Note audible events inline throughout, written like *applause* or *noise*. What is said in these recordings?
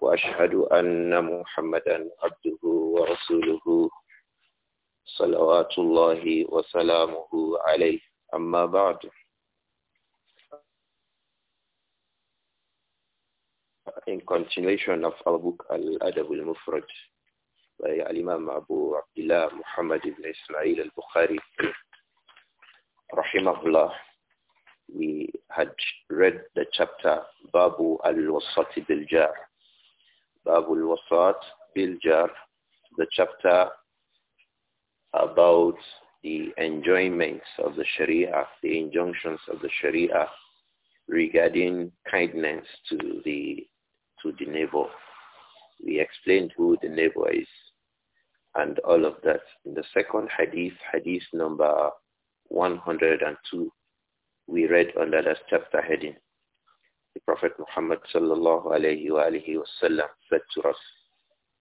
وأشهد أن محمدا عبده ورسوله صلوات الله وسلامه عليه أما بعد In continuation of our book Al-Adab al-Mufrad by Al-Imam Abu Abdullah Muhammad ibn Ismail al-Bukhari Rahimahullah We had read the chapter Babu al-Wasati bil-Jar Babul Wasat Biljar, the chapter about the enjoyments of the Sharia, the injunctions of the Sharia regarding kindness to the to the neighbor. We explained who the neighbor is and all of that. In the second hadith, hadith number 102, we read under that chapter heading. The Prophet Muhammad sallallahu alayhi wa alihi wa sallam said to us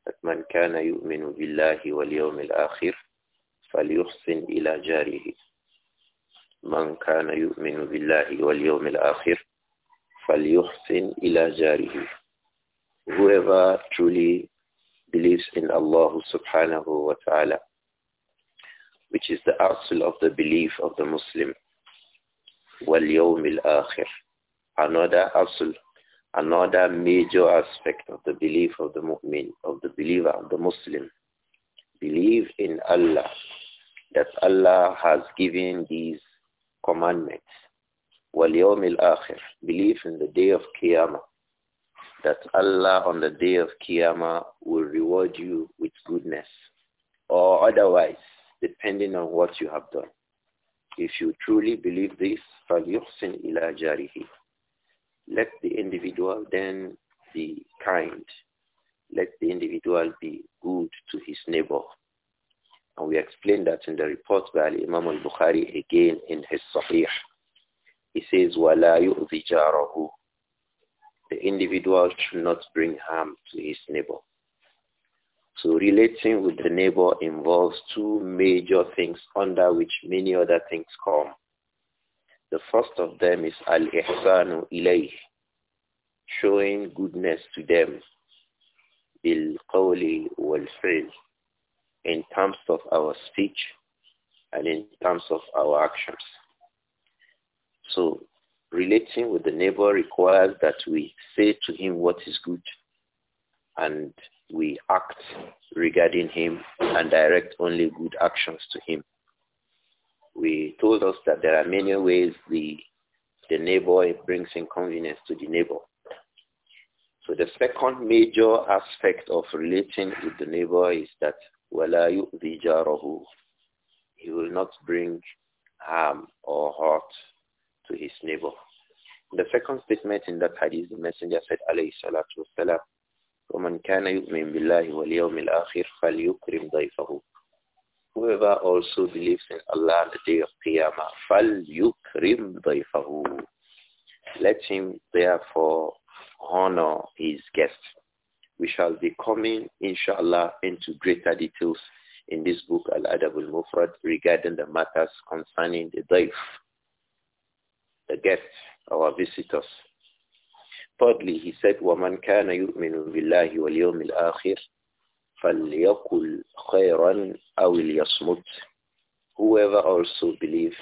that man kana yu'minu billahi wal yawm al akhir falyuhsin ila jarihi. man kana من كان يؤمن بالله واليوم الآخر فليحسن ila jarihi whoever truly believes in Allah subhanahu wa ta'ala, which is the asl of the belief of the Muslim, wal yawm al-akhir another absol, another major aspect of the belief of the mu'min, of the believer, of the Muslim. Believe in Allah, that Allah has given these commandments. وَالْيَوْمِ الْآخِرِ Believe in the day of Qiyamah, that Allah on the day of Qiyamah will reward you with goodness or otherwise, depending on what you have done. If you truly believe this, فَلْيُحْسِنْ إِلَى جَارِهِ let the individual then be kind. Let the individual be good to his neighbor. And we explain that in the report by Imam al-Bukhari again in his Sahih. He says, وَلَا يُؤْذِ جَارَهُ The individual should not bring harm to his neighbor. So relating with the neighbor involves two major things under which many other things come. The first of them is al-ihsanu ilayh, showing goodness to them bil-qawli wal-fi'l, in terms of our speech and in terms of our actions. So relating with the neighbor requires that we say to him what is good and we act regarding him and direct only good actions to him we told us that there are many ways the, the neighbor brings inconvenience to the neighbor. So the second major aspect of relating with the neighbor is that wala yu'dhi He will not bring harm or hurt to his neighbor. The second statement in that hadith, the messenger said, alayhi salatu wasalam, وَمَنْ كَانَ يُؤْمِنْ بِاللَّهِ وَالْيَوْمِ الْآخِرِ فَلْيُكْرِمْ ضَيْفَهُ Whoever also believes in Allah the day of Qiyamah, فَلْيُكْرِمْ ضَيْفَهُ Let him therefore honor his guest. We shall be coming, inshallah, into greater details in this book, Al-Adab al-Mufrad, regarding the matters concerning the daif, the guests, our visitors. Thirdly, he said, وَمَنْ كَانَ يُؤْمِنُ بِاللَّهِ وَالْيَوْمِ الْآخِرِ فَلْيَقُلْ خَيْرًا أَوْ لْيَصْمُتْ Whoever also believes,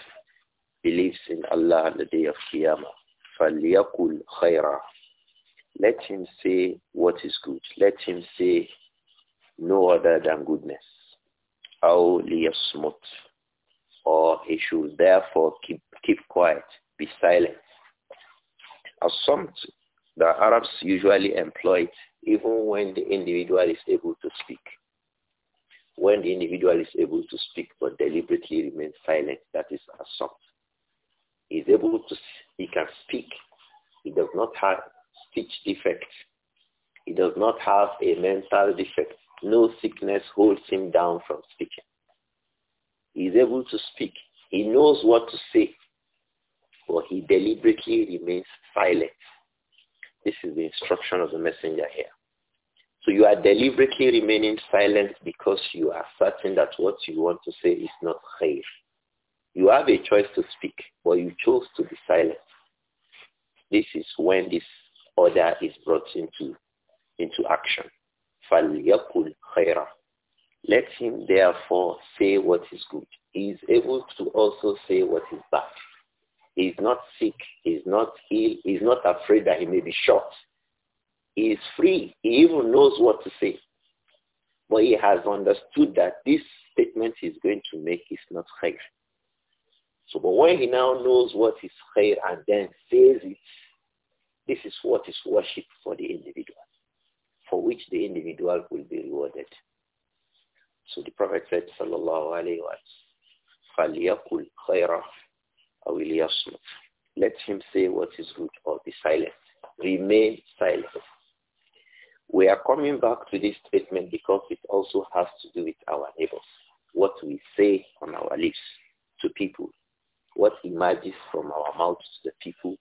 believes in Allah on the day of Qiyamah, فَلْيَقُلْ خَيْرًا Let him say what is good. Let him say no other than goodness. أَوْ لِيَصْمُتْ Or he should therefore keep, keep quiet, be silent. As-samt the Arabs usually employ it even when the individual is able to speak. When the individual is able to speak but deliberately remains silent, that is assault. He is able to, he can speak. He does not have speech defects. He does not have a mental defect. No sickness holds him down from speaking. He is able to speak. He knows what to say, but he deliberately remains silent this is the instruction of the messenger here. So you are deliberately remaining silent because you are certain that what you want to say is not khair. You have a choice to speak, but you chose to be silent. This is when this order is brought into, into action. فَلْيَقُلْ خَيْرًا Let him therefore say what is good. He is able to also say what is bad. He's not sick. He's not ill. He's not afraid that he may be shot. He is free. He even knows what to say. But he has understood that this statement he's going to make is not khair. So, but when he now knows what is khair and then says it, this is what is worship for the individual, for which the individual will be rewarded. So the Prophet said, sallallahu alayhi wa sallam, وَلْيَصْمُتْ Let him say what is good or be silent. Remain silent. We are coming back to this statement because it also has to do with our neighbors. What we say on our lips to people, what emerges from our mouths to the people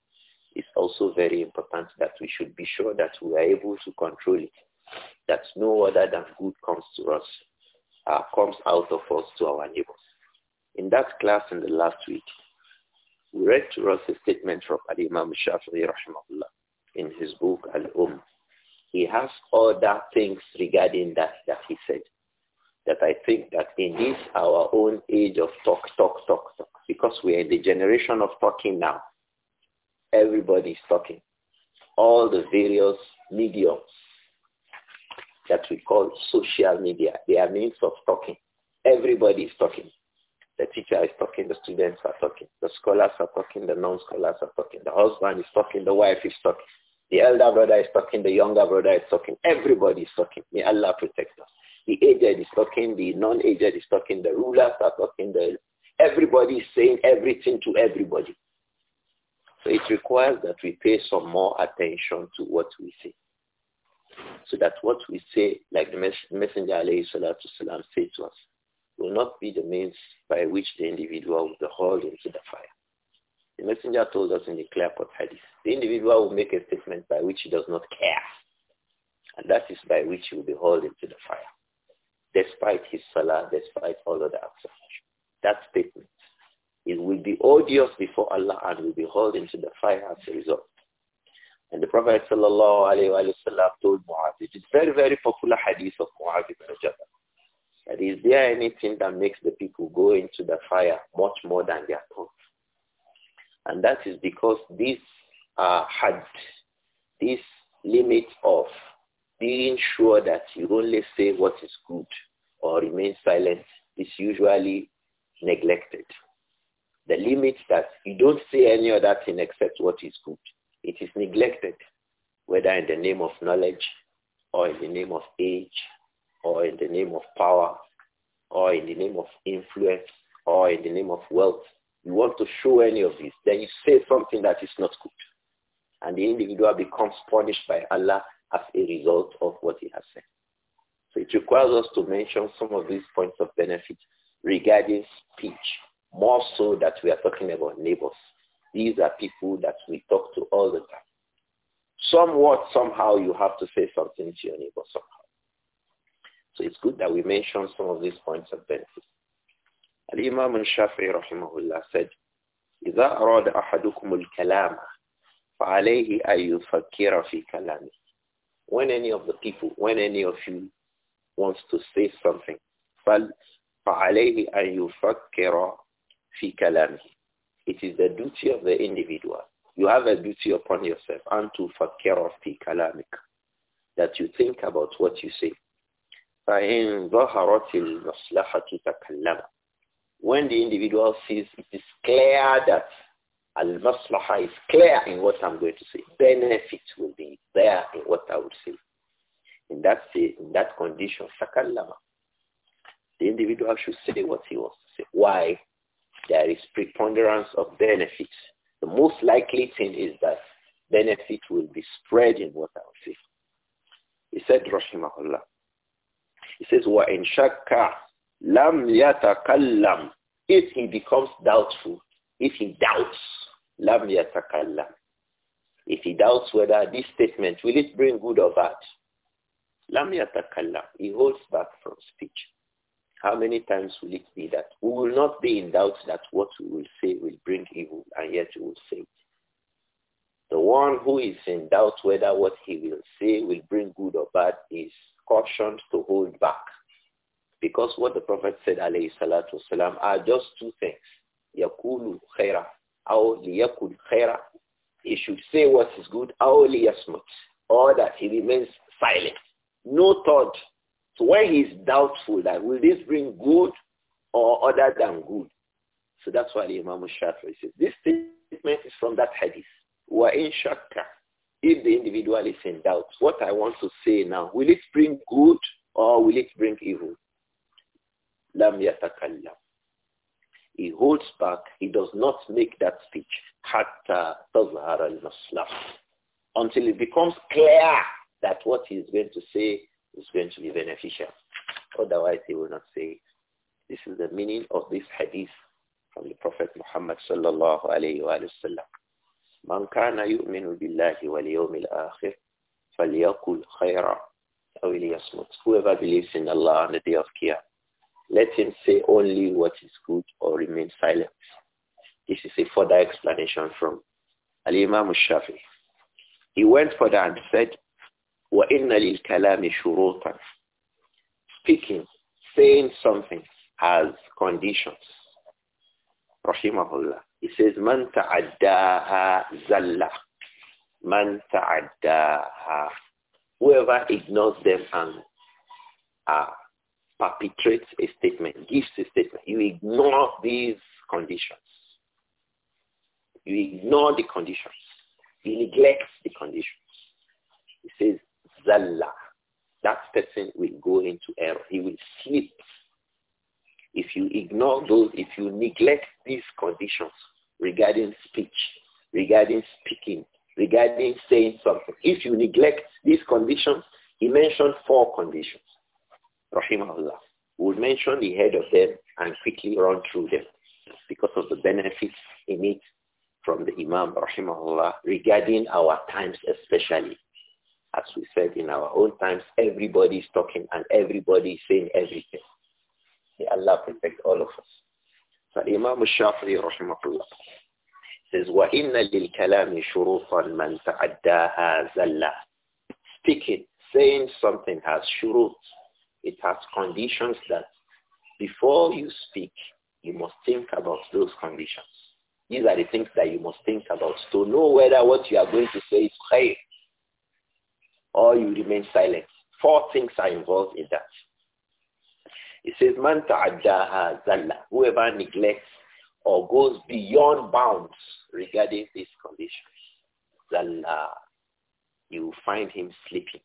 is also very important that we should be sure that we are able to control it. That no other than good comes to us, uh, comes out of us to our neighbors. In that class in the last week, we read to us a statement from Al-Imam Shafi'i rahimahullah in his book Al-Umm. He has other things regarding that that he said. That I think that in this our own age of talk, talk, talk, talk, because we are in the generation of talking now. Everybody is talking. All the various mediums that we call social media, they are means of talking. Everybody is talking. The teacher is talking, the students are talking, the scholars are talking, the non-scholars are talking, the husband is talking, the wife is talking, the elder brother is talking, the younger brother is talking, everybody is talking. May Allah protect us. The aged is talking, the non-aged is talking, the rulers are talking, the, everybody is saying everything to everybody. So it requires that we pay some more attention to what we say. So that what we say, like the messenger alayhi salatu salam said to us, will not be the means by which the individual will be hauled into the fire. The messenger told us in the clear-cut hadith, the individual will make a statement by which he does not care. And that is by which he will be hauled into the fire, despite his salah, despite all other actions. That statement, it will be odious before Allah and will be hauled into the fire as a result. And the Prophet ﷺ told Mu'adh, it is very, very popular hadith of Mu'adh ibn Jabal. And is there anything that makes the people go into the fire much more than their thoughts? And that is because this uh, had this limit of being sure that you only say what is good or remain silent is usually neglected. The limit that you don't say any other thing except what is good. It is neglected, whether in the name of knowledge or in the name of age or in the name of power or in the name of influence or in the name of wealth, you want to show any of these, then you say something that is not good. And the individual becomes punished by Allah as a result of what he has said. So it requires us to mention some of these points of benefit regarding speech, more so that we are talking about neighbors. These are people that we talk to all the time. Somewhat, somehow, you have to say something to your neighbor somehow. So it's good that we mention some of these points of benefit. Al-Imam al-Shafi'i rahimahullah said, إذا أراد أحدكم الكلام فعليه أن يفكر في كلامه. When any of the people, when any of you wants to say something, فعليه أن يفكر في كلامه. It is the duty of the individual. You have a duty upon yourself and to fakir of that you think about what you say. فَإِنْ ظَهَرَتِ الْمَصْلَحَةُ تَكَلَّمَ When the individual sees it is clear that the maslaha is clear in what I'm going to say, benefit will be there in what I would say. In that, in that condition, تَكَلَّمَ The individual should say what he wants to say. Why? There is preponderance of benefits. The most likely thing is that benefit will be spread in what I would say. He said, Rahimahullah. He says, وَإِنْ شَكَّ lam yatakallam. If he becomes doubtful, if he doubts, lam yatakallam. If he doubts whether this statement, will it bring good or bad? lam yatakallam. He holds back from speech. How many times will it be that we will not be in doubt that what we will say will bring evil and yet we will say it? The one who is in doubt whether what he will say will bring good or bad is cautioned to hold back. Because what the Prophet said, alayhi salatu wasalam, are just two things. Yakulu khaira, aw liyakul khaira. He should say what is good, aw liyasmut, or that he remains silent. No thought. So when he is doubtful that will this bring good or other than good. So that's why the Imam Shafi'i says, this statement is from that hadith. Wa in if the individual is in doubt, what I want to say now, will it bring good or will it bring evil? Lam yatakallam. He holds back. He does not make that speech. Hatta tazhar al Until it becomes clear that what he is going to say is going to be beneficial. Otherwise, he will not say it. This is the meaning of this hadith from the Prophet Muhammad sallallahu alayhi wa sallam. من كان يؤمن بالله واليوم الآخر فليقل خيرا أو ليصمت whoever believes in Allah on the day of Qiyam let him say only what is good or remain silent this is a further explanation from Al-Imam al-Shafi he went further and said وَإِنَّ لِلْكَلَامِ شُرُوطًا speaking saying something has conditions rahimahullah he says, Man ta'addaha zalla. Man ta'addaha. Whoever ignores them and uh, perpetrates a statement, gives a statement. You ignore these conditions. You ignore the conditions. You neglect the conditions. He says, Zalla. That person will go into error. He will slip you ignore those, if you neglect these conditions regarding speech, regarding speaking, regarding saying something, if you neglect these conditions, he mentioned four conditions. Rahimahullah. We'll mention the head of them and quickly run through them because of the benefits in it from the Imam Rahimahullah regarding our times especially. As we said in our own times, everybody is talking and everybody is saying everything. May Allah protect all of us. So Imam Shafi'i الله, says, وَإِنَّ لِلْكَلَامِ شُرُوطًا مَنْ تَعَدَّاهَا زَلَّةً Speaking, saying something has shurut. It has conditions that before you speak, you must think about those conditions. These are the things that you must think about to know whether what you are going to say is right or you remain silent. Four things are involved in that. It says, Man ta'addaha zalla. Whoever neglects or goes beyond bounds regarding these conditions, zalla. You will find him sleeping.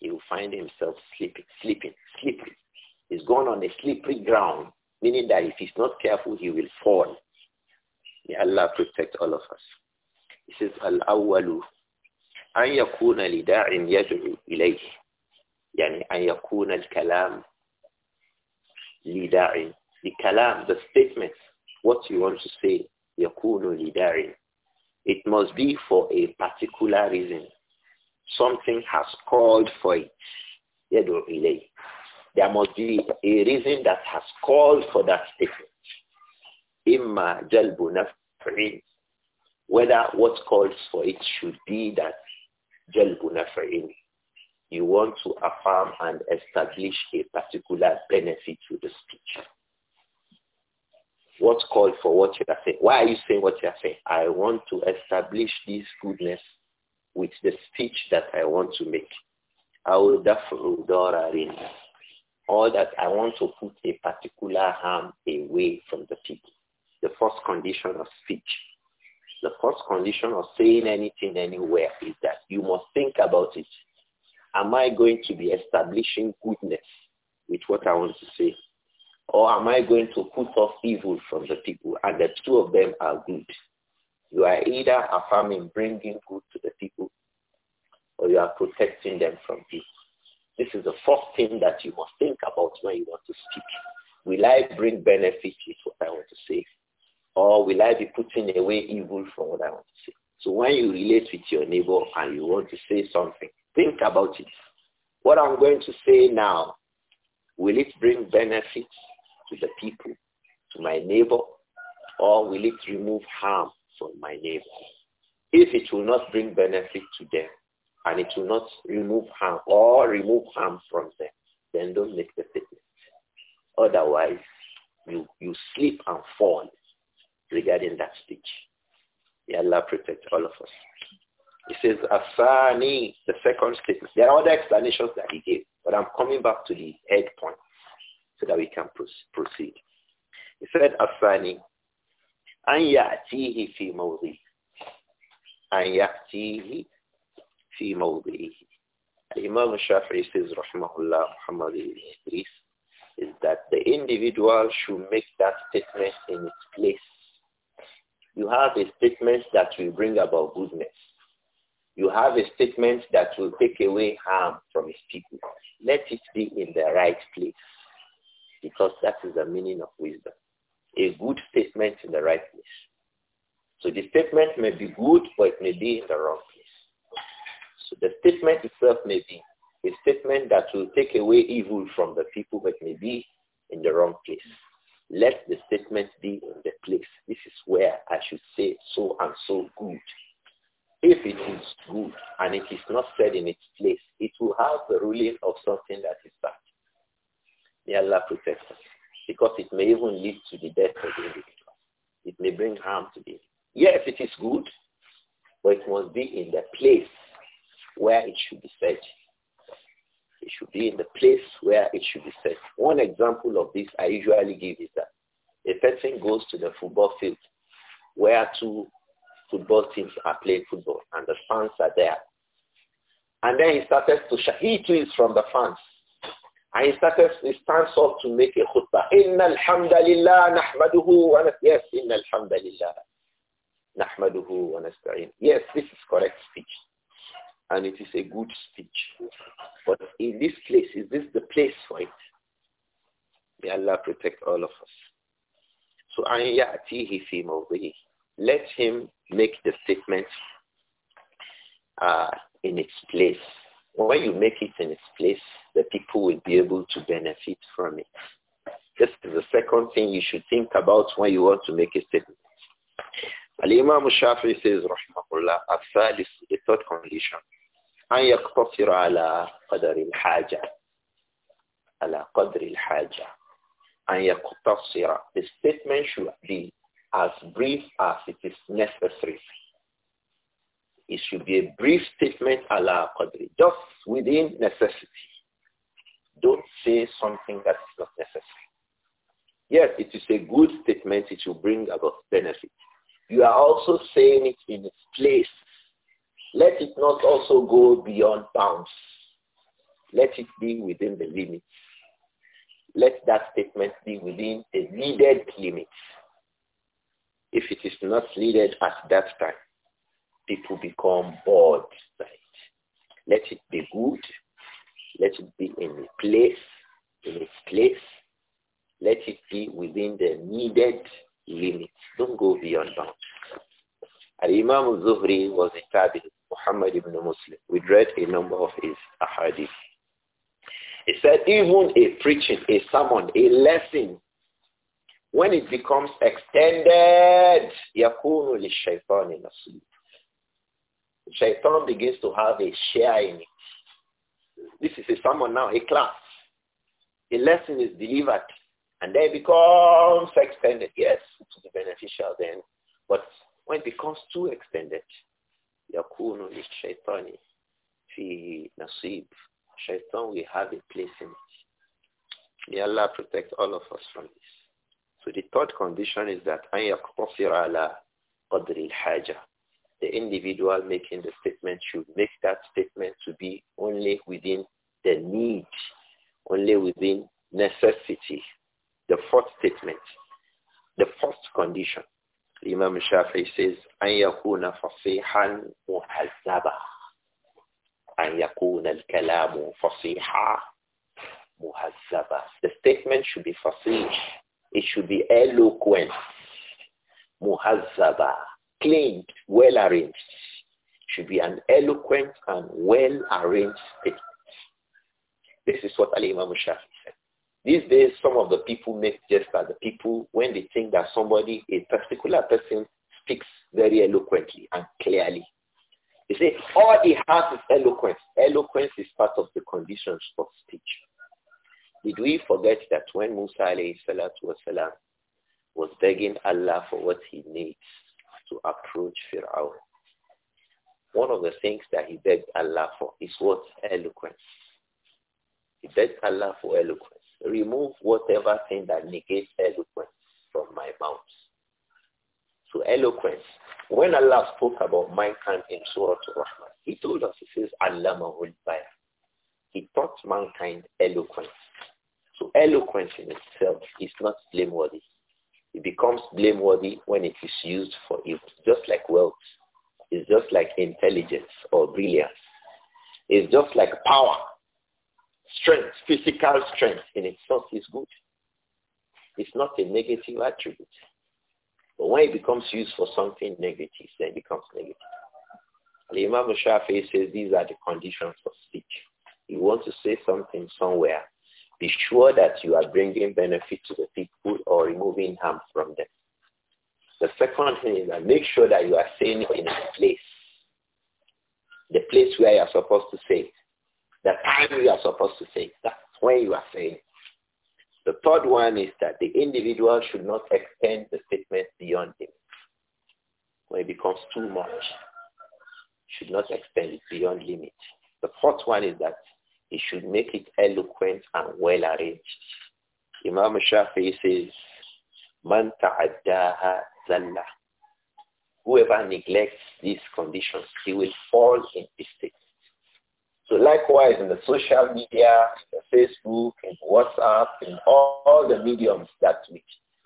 He will find himself sleeping, sleeping, sleeping. He's gone on a slippery ground, meaning that if he's not careful, he will fall. May Allah protect all of us. He says, Al-awwalu أن يكون لداع ilayhi." إليه "An yakuna al-kalam." لداعي the kalam, the statements, what you want to say, yakunu lidari. It must be for a particular reason. Something has called for it. There must be a reason that has called for that statement. Imma Whether what calls for it should be that jalbu naf'in you want to affirm and establish a particular benefit to the speech. What's called for what you are saying? Why are you saying what you are saying? I want to establish this goodness with the speech that I want to make. I will All that I want to put a particular harm away from the people. The first condition of speech the first condition of saying anything anywhere is that you must think about it am I going to be establishing goodness with what I want to say? Or am I going to put off evil from the people? And the two of them are good. You are either affirming bringing good to the people or you are protecting them from evil. This is the first thing that you must think about when you want to speak. Will I bring benefit with what I want to say? Or will I be putting away evil from what I want to say? So when you relate with your neighbor and you want to say something, Think about it. What I'm going to say now, will it bring benefits to the people, to my neighbor, or will it remove harm from my neighbor? If it will not bring benefit to them, and it will not remove harm or remove harm from them, then don't make the statement. Otherwise, you, you slip and fall regarding that speech. May Allah protect all of us. He says, Asani, the second statement. There are other explanations that he gave, but I'm coming back to the head point so that we can proceed. He said, Asani, أن يأتيه في موضعه أن يأتيه في موضعه Imam Shafi'i says, Rahmahullah, Muhammad ibn Idris, is that the individual should make that statement in its place. You have a statement that will bring about goodness you have a statement that will take away harm from his people. Let it be in the right place because that is the meaning of wisdom. A good statement in the right place. So the statement may be good, but it may be in the wrong place. So the statement itself may be a statement that will take away evil from the people, but may be in the wrong place. Let the statement be in the place. This is where I should say so and so good if it is good and it is not said in its place, it will have the ruling of something that is bad. May Allah protect us. Because it may even lead to the death of the individual. It may bring harm to the Yes, it is good, but it must be in the place where it should be said. It should be in the place where it should be said. One example of this I usually give is that a person goes to the football field where two football teams are playing football and the fans are there. And then he started to shout. He too from the fans. And he started, he stands up to make a khutbah. Inna alhamdulillah nahmaduhu wa Yes, inna alhamdulillah nahmaduhu wa nasta'in. Yes, this is correct speech. And it is a good speech. But in this place, is this the place for it? May Allah protect all of us. So أن Let him make the statement uh, in its place. When you make it in its place, the people will be able to benefit from it. This is the second thing you should think about when you want to make a statement. Al-Imam Shafi says, Rahimahullah, Afsadis, the third condition, أن يقتصر على قدر الحاجة على قدر الحاجة أن يقتصر The statement should be as brief as it is necessary. It should be a brief statement a qadri, just within necessity. Don't say something that is not necessary. Yes, it is a good statement. It will bring about benefit. You are also saying it in its place. Let it not also go beyond bounds. Let it be within the limits. Let that statement be within the needed limits if it is not needed at that time, people become bored Let it be good. Let it be in a place, in its place. Let it be within the needed limits. Don't go beyond bounds. Al-Imam Zuhri was a tabi, Muhammad ibn Muslim. We read a number of his ahadith. He said even a preaching, a sermon, a lesson when it becomes extended, يَكُونُ لِلشَّيْطَانِ نَصِيبٌ Shaitan begins to have a share in it. This is a sermon now, a class. A lesson is delivered and then it becomes extended. Yes, to be beneficial then, but when it becomes too extended, li لِلشَّيْطَانِ fi nasib. Shaitan will have a place in it. May Allah protect all of us from this. So the third condition is that أَنْ يَقْتَصِرَ عَلَى قَدْرِ الْحَاجَةِ The individual making the statement should make that statement to be only within the need, only within necessity. The fourth statement, the fourth condition. Imam Shafi'i says, أَنْ يَكُونَ فَصِيحًا مُهَذَّبًا أَنْ يَكُونَ الْكَلَامُ فَصِيحًا مُهَذَّبًا The statement should be fasih, it should be eloquent, muhazzaba, clean, well arranged. Should be an eloquent and well arranged statement. This is what Ali Imam Shafi said. These days, some of the people make just at the people when they think that somebody, a particular person, speaks very eloquently and clearly. They say, all he has is eloquence. Eloquence is part of the conditions of speech. Did we forget that when Musa alayhi was begging Allah for what he needs to approach Fir'aun, one of the things that he begged Allah for is what? Eloquence. He begged Allah for eloquence. Remove whatever thing that negates eloquence from my mouth. So eloquence. When Allah spoke about mankind in Surah Al-Rahman, he told us, he says, Allah Mahul He taught mankind eloquence. So eloquence in itself is not blameworthy. It becomes blameworthy when it is used for evil, just like wealth. It's just like intelligence or brilliance. It's just like power, strength, physical strength in itself is good. It's not a negative attribute. But when it becomes used for something negative, then it becomes negative. The Imam Shafi says these are the conditions for speech. You want to say something somewhere, be sure that you are bringing benefit to the people or removing harm from them. The second thing is that make sure that you are saying it in a place. The place where you are supposed to say it. The time you are supposed to say it. That's when you are saying it. The third one is that the individual should not extend the statement beyond him. When it becomes too much, should not extend it beyond limit. The fourth one is that he should make it eloquent and well arranged. Imam Shafi'i says, Man zalla. Whoever neglects these conditions, he will fall in mistakes. So likewise in the social media, in Facebook, in WhatsApp, in all, all the mediums that we,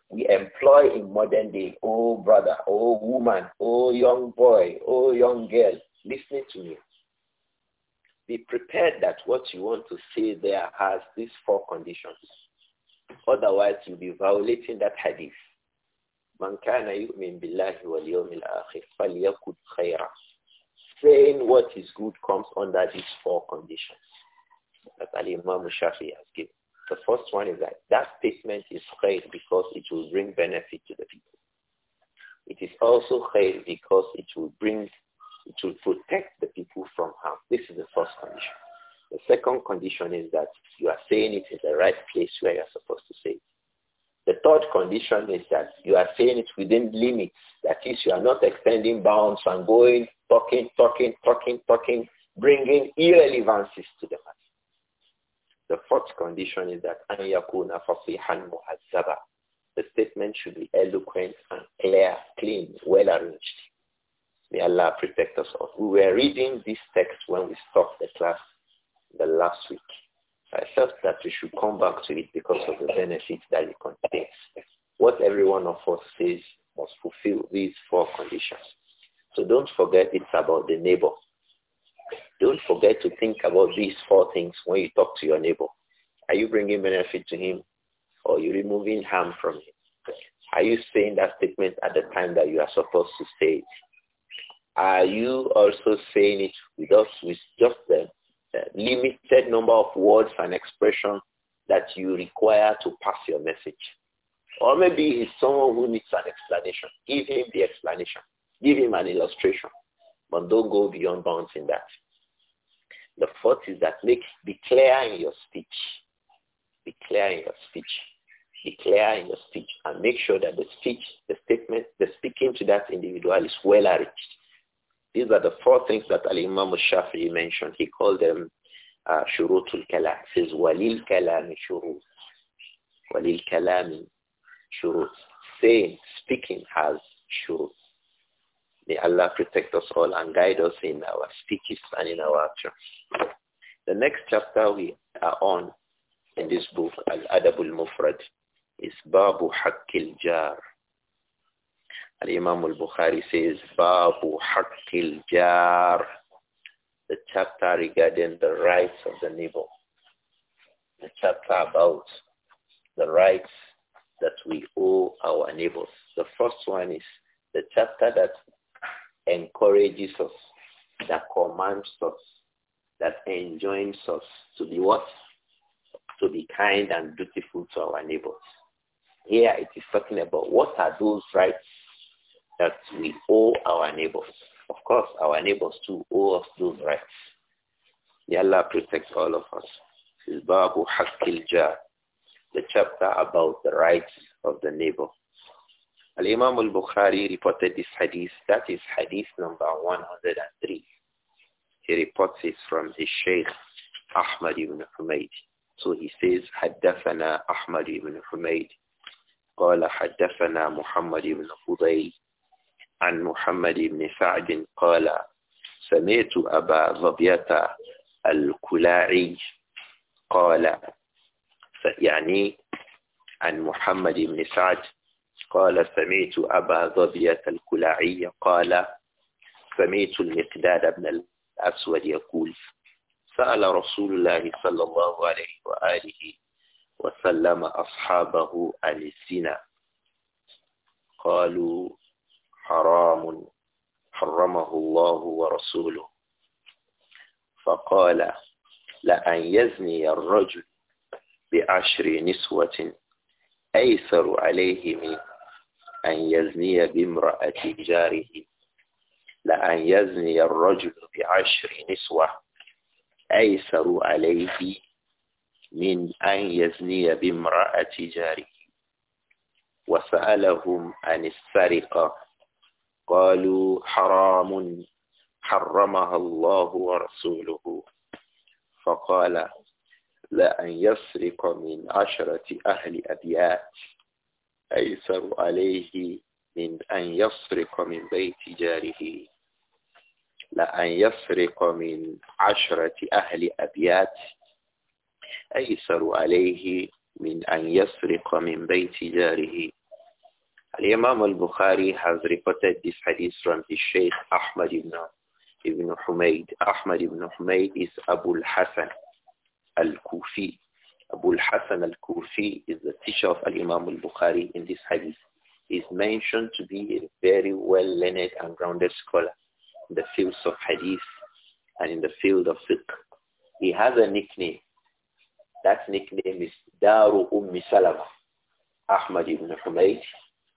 we employ in modern day, oh brother, oh woman, oh young boy, oh young girl, listen to me. Be prepared that what you want to say there has these four conditions. Otherwise, you'll be violating that hadith. Man kana yu'min billahi wal yawmil akhir Saying what is good comes under these four conditions that Al-Imam Shafi has given. The first one is that that statement is khayr because it will bring benefit to the people. It is also khayr because it will bring it will protect the people from harm. This is the first condition. The second condition is that you are saying it in the right place where you're supposed to say it. The third condition is that you are saying it within limits. That is, you are not extending bounds and going, talking, talking, talking, talking, bringing irrelevances to the matter. The fourth condition is that أَنْ يَكُونَ فَصِيحًا مُهَذَّبًا The statement should be eloquent and clear, clean, well arranged. May Allah protect us all. We were reading this text when we stopped the class the last week. I felt that we should come back to it because of the benefits that it contains. What every one of us says must fulfill these four conditions. So don't forget it's about the neighbor. Don't forget to think about these four things when you talk to your neighbor. Are you bringing benefit to him or are you removing harm from him? Are you saying that statement at the time that you are supposed to say it? Are you also saying it with us with just the limited number of words and expressions that you require to pass your message? Or maybe it's someone who needs an explanation. Give him the explanation. Give him an illustration. But don't go beyond bounds in that. The fourth is that make be clear in your speech. Be clear in your speech. Be clear in your speech and make sure that the speech, the statement, the speaking to that individual is well arranged. These are the four things that Al-Imam al-Shafi'i mentioned. He called them uh, shurutul kalam. He says, walil kalami shurut. Walil kalami shurut. Saying, speaking has shurut. May Allah protect us all and guide us in our speeches and in our actions. The next chapter we are on in this book, Al-Adab al-Mufrad, is Babu Haqqil Jar. Al-Imam al-Bukhari says, Babu Haqqil Jar, the chapter regarding the rights of the neighbor. The chapter about the rights that we owe our neighbors. The first one is the chapter that encourages us, that commands us, that enjoins us to be what? To be kind and dutiful to our neighbors. Here it is talking about what are those rights that we owe our neighbors. Of course, our neighbors too owe us those rights. May Allah protect all of us. the chapter about the rights of the neighbor. Al-Imam al-Bukhari reported this hadith. That is hadith number 103. He reports it from his sheikh, Ahmad ibn Humayd. So he says, حدثنا أحمد بن حميد قال حدثنا محمد بن فضيل عن محمد بن سعد قال سمعت أبا ظبية الكلاعي قال يعني عن محمد بن سعد قال سمعت أبا ظبية الكلاعي قال سمعت المقداد بن الأسود يقول سأل رسول الله صلى الله عليه وآله وسلم أصحابه عن الزنا قالوا حرام حرمه الله ورسوله فقال لأن يزني الرجل بعشر نسوة أيسر عليه من أن يزني بامرأة جاره لأن يزني الرجل بعشر نسوة أيسر عليه من أن يزني بامرأة جاره وسألهم عن السرقة قالوا حرام حرمها الله ورسوله فقال لا أن يسرق من عشرة أهل أبيات أيسر عليه من أن يسرق من بيت جاره لأن يسرق من عشرة أهل أبيات أيسر عليه من أن يسرق من بيت جاره Al-Imam al-Bukhari has reported this hadith from his Shaykh Ahmad ibn, ibn Humayd. Ahmad ibn Humayd is Abu al-Hasan al-Kufi. Abu al-Hasan al-Kufi is the teacher of Al-Imam al-Bukhari in this hadith. He is mentioned to be a very well-learned and grounded scholar in the fields of hadith and in the field of fiqh. He has a nickname. That nickname is Daru Ummi Salama. Ahmad ibn Humayd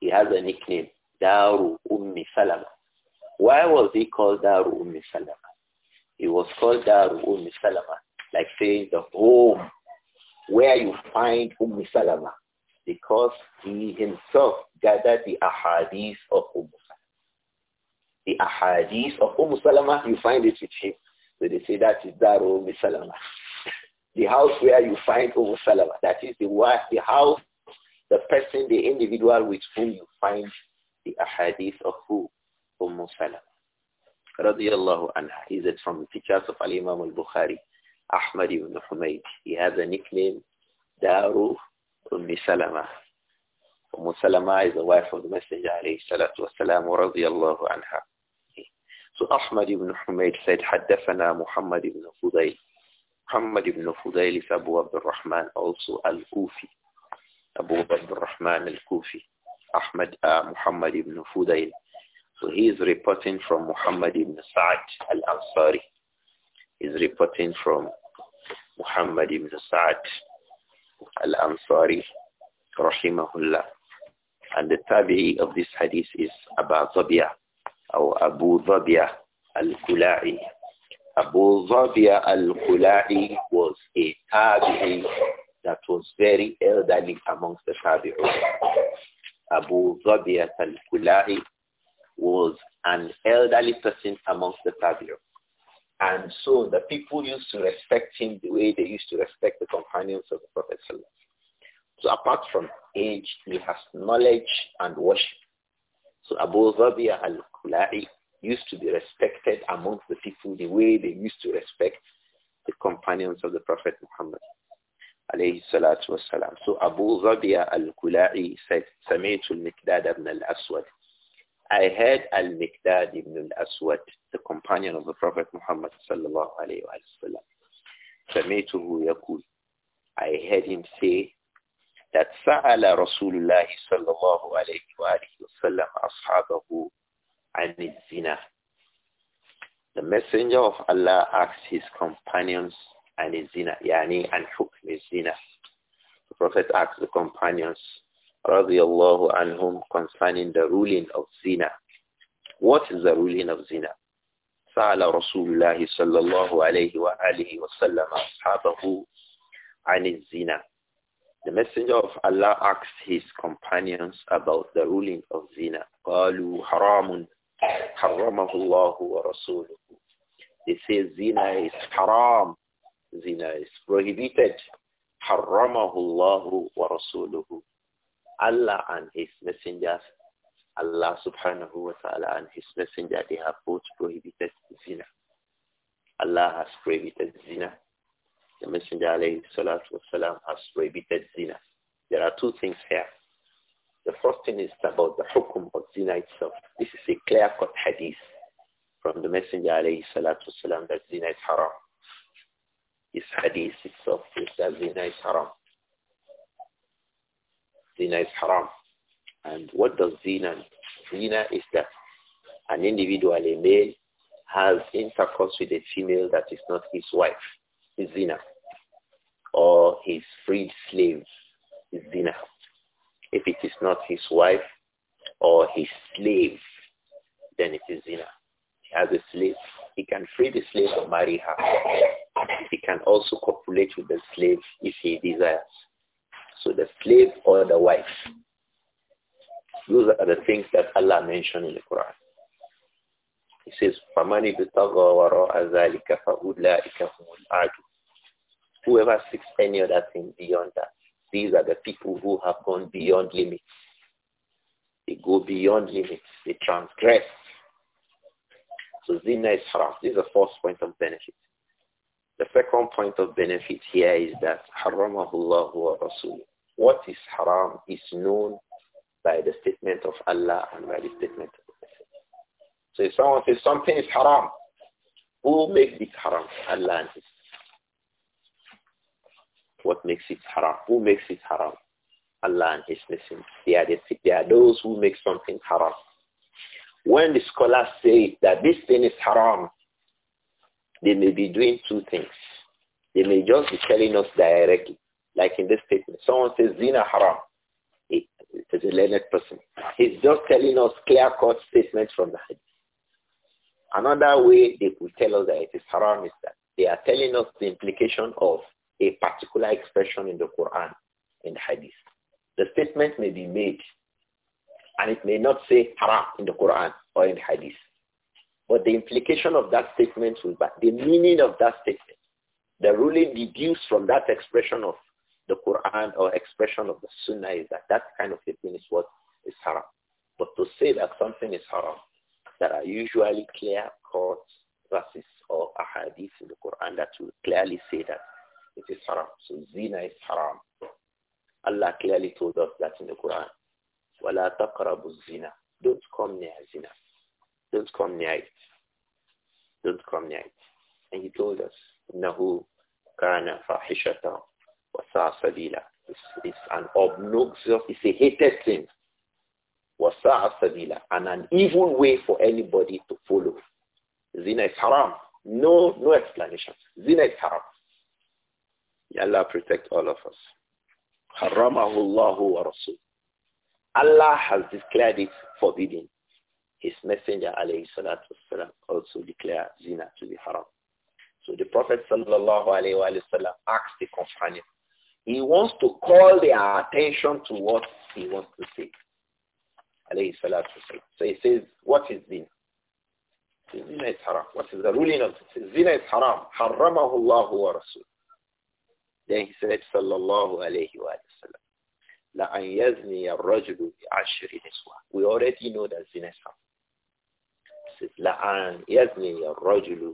he has a nickname, Daru Ummi Salama. Why was he called Daru Ummi Salama? He was called Daru Ummi Salama, like saying the home where you find Ummi Salama, because he himself gathered the ahadith of Umu. Salama. The ahadith of Umu Salama, you find it with him. So they say that is Daru Ummi Salama. *laughs* the house where you find Umu Salama, that is the, the house the person, the individual with whom you find the ahadith of who? Umm Salama. Radiallahu anha. Is it from the teachers of Al-Imam al-Bukhari, Ahmad ibn Humayd. He has a nickname, Daru Umm Salama. Umm Salama is the wife of the Messenger, salatu wasalam, radiallahu anha. So Ahmad ibn Humayd said, حدثنا Muhammad ibn Fudayl. Muhammad ibn Fudayl is Abu al-Rahman, also Al-Kufi. Abu Abdul Rahman al-Kufi, Ahmad uh, Muhammad ibn Fudayl. So he is reporting from Muhammad ibn Sa'd al-Ansari. He's reporting from Muhammad ibn Sa'd al-Ansari, rahimahullah. And the tabi'i of this hadith is Abu Zabia, or Abu Zabia al-Kula'i. Abu Zabia al-Kula'i was a tabi'i that was very elderly amongst the Tabi'un. Abu Zabiyat al-Kulahi was an elderly person amongst the Tabi'un. And so the people used to respect him the way they used to respect the companions of the Prophet So apart from age, he has knowledge and worship. So Abu Zabiyah al-Kula'i used to be respected amongst the people the way they used to respect the companions of the Prophet Muhammad. So Abu Rabia al-Kula'i said, Sami'tu al-Mikdad al I heard al-Mikdad ibn al-Aswad, the companion of the Prophet Muhammad sallallahu alayhi wa sallam. Sami'tuhu I heard him say that Sa'ala Rasulullah sallallahu alayhi wa sallam ashabahu an zina. The messenger of Allah asked his companions عن yani يعني عن حكم الزنا The Prophet asked the companions رضي الله عنهم concerning the ruling of zina. What is the ruling of zina? سأل رسول الله صلى الله عليه وآله وسلم أصحابه عن الزنا The Messenger of Allah asked his companions about the ruling of zina. قالوا حرام حرمه الله ورسوله They say zina is haram zina is prohibited. حرمه wa Rasuluhu. Allah and his messengers, Allah subhanahu wa ta'ala and his messenger, they have both prohibited zina. Allah has prohibited zina. The messenger alayhi salatu wasalam has prohibited zina. There are two things here. The first thing is about the hukum of zina itself. This is a clear-cut hadith from the messenger alayhi salatu wasalam that zina is haram. Is hadith itself says that zina is haram. Zina is haram. And what does zina mean? Zina is that an individual, a male, has intercourse with a female that is not his wife. Is zina. Or his freed slave. Is zina. If it is not his wife or his slave, then it is zina. He has a slave. He can free the slave or marry her he can also copulate with the slave if he desires. So the slave or the wife. Those are the things that Allah mentioned in the Quran. He says, فَمَنِ بِتَغَى وَرَاءَ ذَلِكَ فَأُولَٰئِكَ هُمُ الْعَادُونَ Whoever seeks any other thing beyond that, these are the people who have gone beyond limits. They go beyond limits. They transgress. So zina is haram. This is the first point of benefit. The second point of benefit here is that haramahullah wa rasul. What is haram is known by the statement of Allah and by the statement of the Prophet. So if someone says something is haram, who makes it haram? Allah What makes it haram? Who makes it haram? Allah and His Messenger. they are those who make something haram. When the scholars say that this thing is haram, they may be doing two things. They may just be telling us directly, like in this statement. Someone says zina haram. It is a learned person. He's just telling us clear-cut statements from the hadith. Another way they could tell us that it is haram is that they are telling us the implication of a particular expression in the Quran, in the hadith. The statement may be made and it may not say haram in the Quran or in the hadith. But the implication of that statement will the meaning of that statement, the ruling deduced from that expression of the Quran or expression of the Sunnah is that that kind of a thing is what is haram. But to say that something is haram, there are usually clear cut verses or ahadith in the Quran that will clearly say that it is haram. So zina is haram. Allah clearly told us that in the Quran. وَلَا تَقْرَبُوا الزِّنَا Don't come near zina. Don't come near it. Don't come near it. And he told us, Nahu kana fahishatan wasa sabila. It's an obnoxious, it's a hated thing. Wasa sabila. And an evil way for anybody to follow. Zina is haram. No, no explanation. Zina is haram. May Allah protect all of us. حرمه wa rasul. Allah has declared it forbidden his messenger alayhi salatu wasalam also declared zina to be haram. So the Prophet sallallahu alayhi wa sallam asked the companion, he wants to call their attention to what he wants to say. Alayhi salatu wasalam. So he says, what is zina? zina is haram. What is the ruling of it? Zina is haram. Harramahu Allahu wa Rasul. Then he said, sallallahu alayhi wa sallam, we already know that zina is haram says, La'an yazni rajulu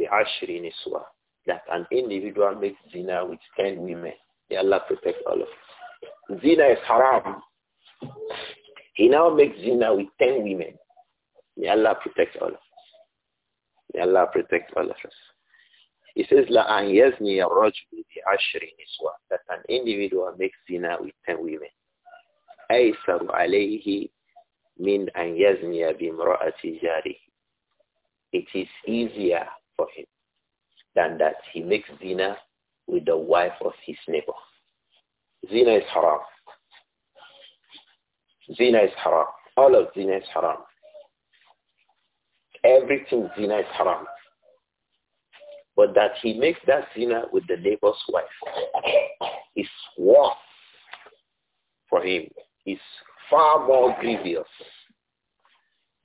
ashri niswa. That an individual makes zina with 10 women. May Allah protect all of us. Zina is haram. He now makes zina with 10 women. May Allah protect all of us. May Allah protect all of us. He says, لَأَنْ يَزْنِيَ bi ashri niswa That an individual makes zina with ten women. أَيْسَرُ عَلَيْهِ min an yazniya bimra'ati jari. It is easier for him than that he makes zina with the wife of his neighbor. Zina is haram. Zina is haram. All of zina is haram. Everything zina is haram. But that he makes that zina with the neighbor's wife is worse for him. Is far more grievous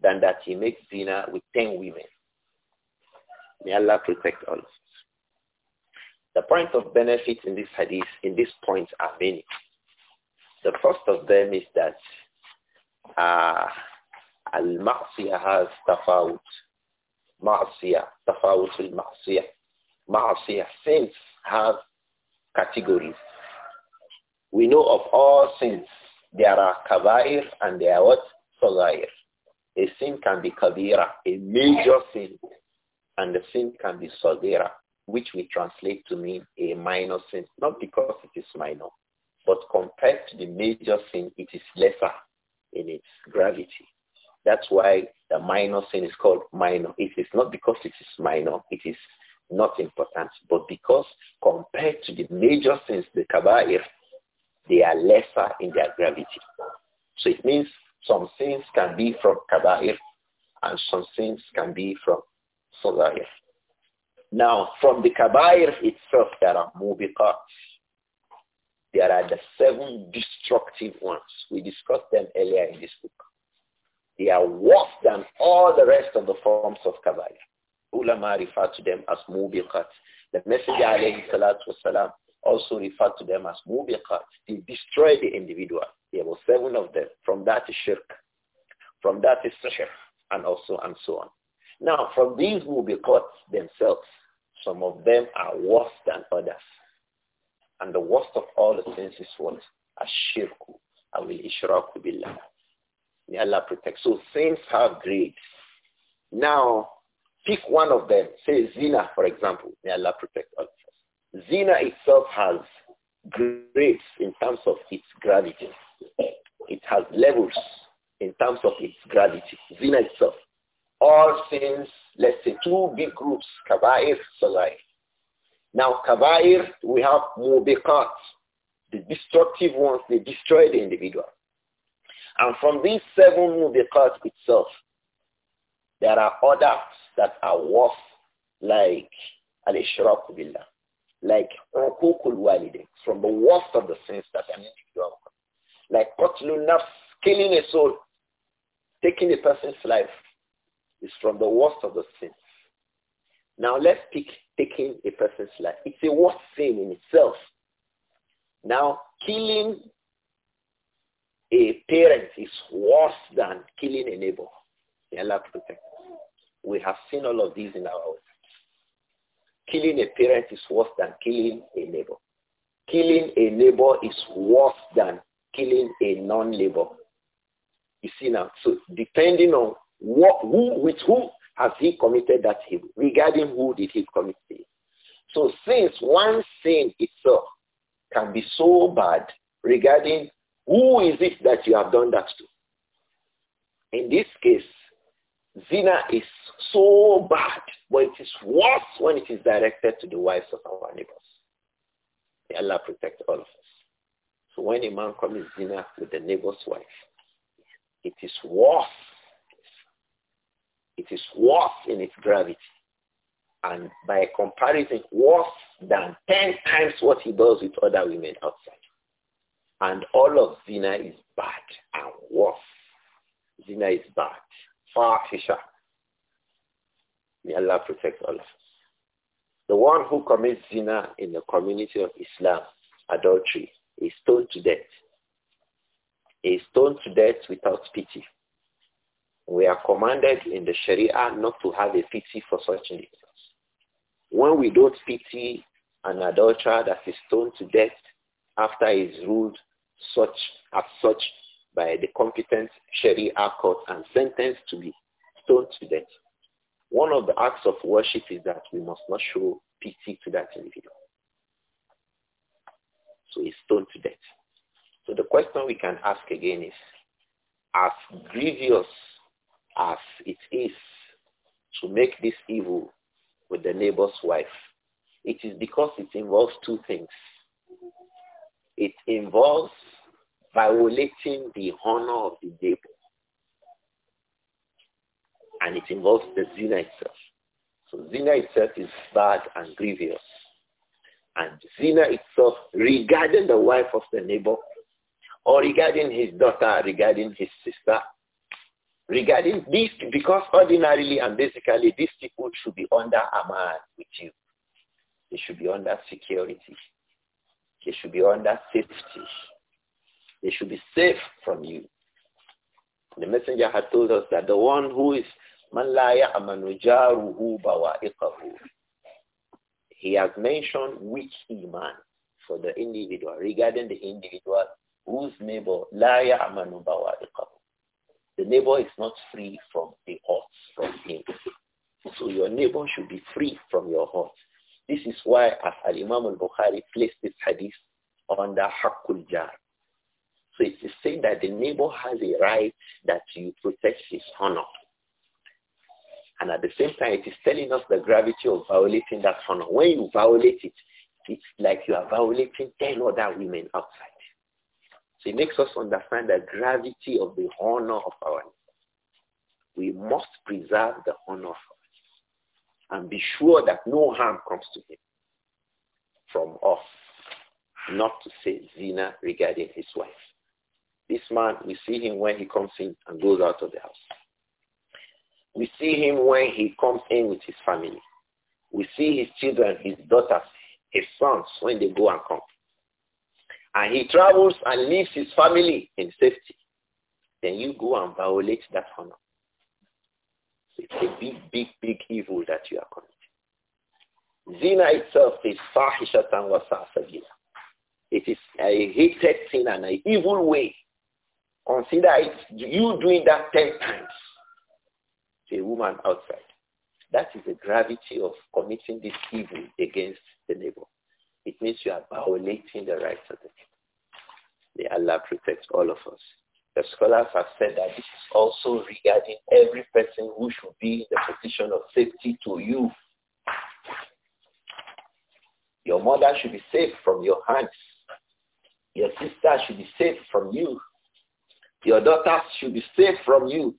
than that he makes dinner with 10 women. May Allah protect all of us. The points of benefit in this hadith, in this point are many. The first of them is that uh, al-ma'siyah has tafawut. Ma'siyah, tafawut al-ma'siyah. Ma'siyah, sins have categories. We know of all sins there are kabair and there are what? Sagair. A sin can be kabira, a major sin. And the sin can be sagira, which we translate to mean a minor sin. Not because it is minor, but compared to the major sin, it is lesser in its gravity. That's why the minor sin is called minor. It is not because it is minor. It is not important. But because compared to the major sins, the kabair, they are lesser in their gravity. So it means some sins can be from kaba'ir and some sins can be from sadair. Now, from the kaba'ir itself, there are mubiqat. There are the seven destructive ones. We discussed them earlier in this book. They are worse than all the rest of the forms of kaba'ir. Ulama refer to them as mubiqat. The Messenger alayhi salatu wasalam also referred to them as mubiqat. They destroy the individual. There were seven of them. From that is shirk. From that is sihr. And also and so on. Now, from these mubiqat themselves, some of them are worse than others. And the worst of all the sins is what? Ashirku. will ishraku billah. May Allah protect. So sins have grades. Now, pick one of them. Say zina, for example. May Allah protect all. Zina itself has grades in terms of its gravity. It has levels in terms of its gravity. Zina itself. All sins, let's say two big groups, Kabair, Salah. Now Kabair, we have Mubiqat, the destructive ones, they destroy the individual. And from these seven Mubiqat itself, there are others that are worse, like Al-Ishraq Billah like from the worst of the sins that an individual like qatlun nafs, killing a soul, taking a person's life is from the worst of the sins. Now let's pick taking a person's life. It's a worst sin in itself. Now killing a parent is worse than killing a neighbor. We have seen all of these in our Killing a parent is worse than killing a neighbor. Killing a neighbor is worse than killing a non-neighbor. You see now, so depending on what, who, with whom has he committed that evil, Regarding who did he commit it. So since one sin itself can be so bad regarding who is it that you have done that to? In this case, zina is so bad, but it is worse when it is directed to the wives of our neighbors. May Allah protect all of us. So when a man commits zina with the neighbor's wife, it is worse. It is worse in its gravity. And by comparison, worse than 10 times what he does with other women outside. And all of zina is bad and worse. Zina is bad. far Fahisha May Allah protect all of us. The one who commits zina in the community of Islam, adultery, is stoned to death. Is stoned to death without pity. We are commanded in the Sharia not to have a pity for such individuals. When we don't pity an adulterer that is stoned to death after is ruled such as such by the competent Sharia court and sentenced to be stoned to death. One of the acts of worship is that we must not show pity to that individual. So he's stoned to death. So the question we can ask again is, as grievous as it is to make this evil with the neighbor's wife, it is because it involves two things. It involves violating the honor of the neighbor and it involves the zina itself. So zina itself is bad and grievous. And zina itself regarding the wife of the neighbor or regarding his daughter, regarding his sister, regarding this, because ordinarily and basically these people should be under aman with you. They should be under security. They should be under safety. They should be safe from you. The messenger had told us that the one who is he has mentioned which iman for the individual, regarding the individual whose neighbor la ya'manu bawa'iqahu. The neighbor is not free from the hurts from him. So your neighbor should be free from your hurts. This is why as Al-Imam al-Bukhari placed this hadith under Hakul Jar. So it is saying that the neighbor has a right that you protect his honor. And at the same time, it is telling us the gravity of violating that honor. When you violate it, it's like you are violating 10 other women outside. So it makes us understand the gravity of the honor of our We must preserve the honor of us and be sure that no harm comes to him from us, not to say zina regarding his wife. This man, we see him when he comes in and goes out of the house. We see him when he comes in with his family. We see his children, his daughters, his sons when they go and come. And he travels and leaves his family in safety. Then you go and violate that honor. it's a big, big, big evil that you are committing. Zina itself is fahishatan wa It is a hated sin and an evil way. Consider it, you doing that ten times a woman outside. That is the gravity of committing this evil against the neighbor. It means you are violating the rights of the neighbor. The Allah protects all of us. The scholars have said that this is also regarding every person who should be in the position of safety to you. Your mother should be safe from your hands. Your sister should be safe from you. Your daughters should be safe from you.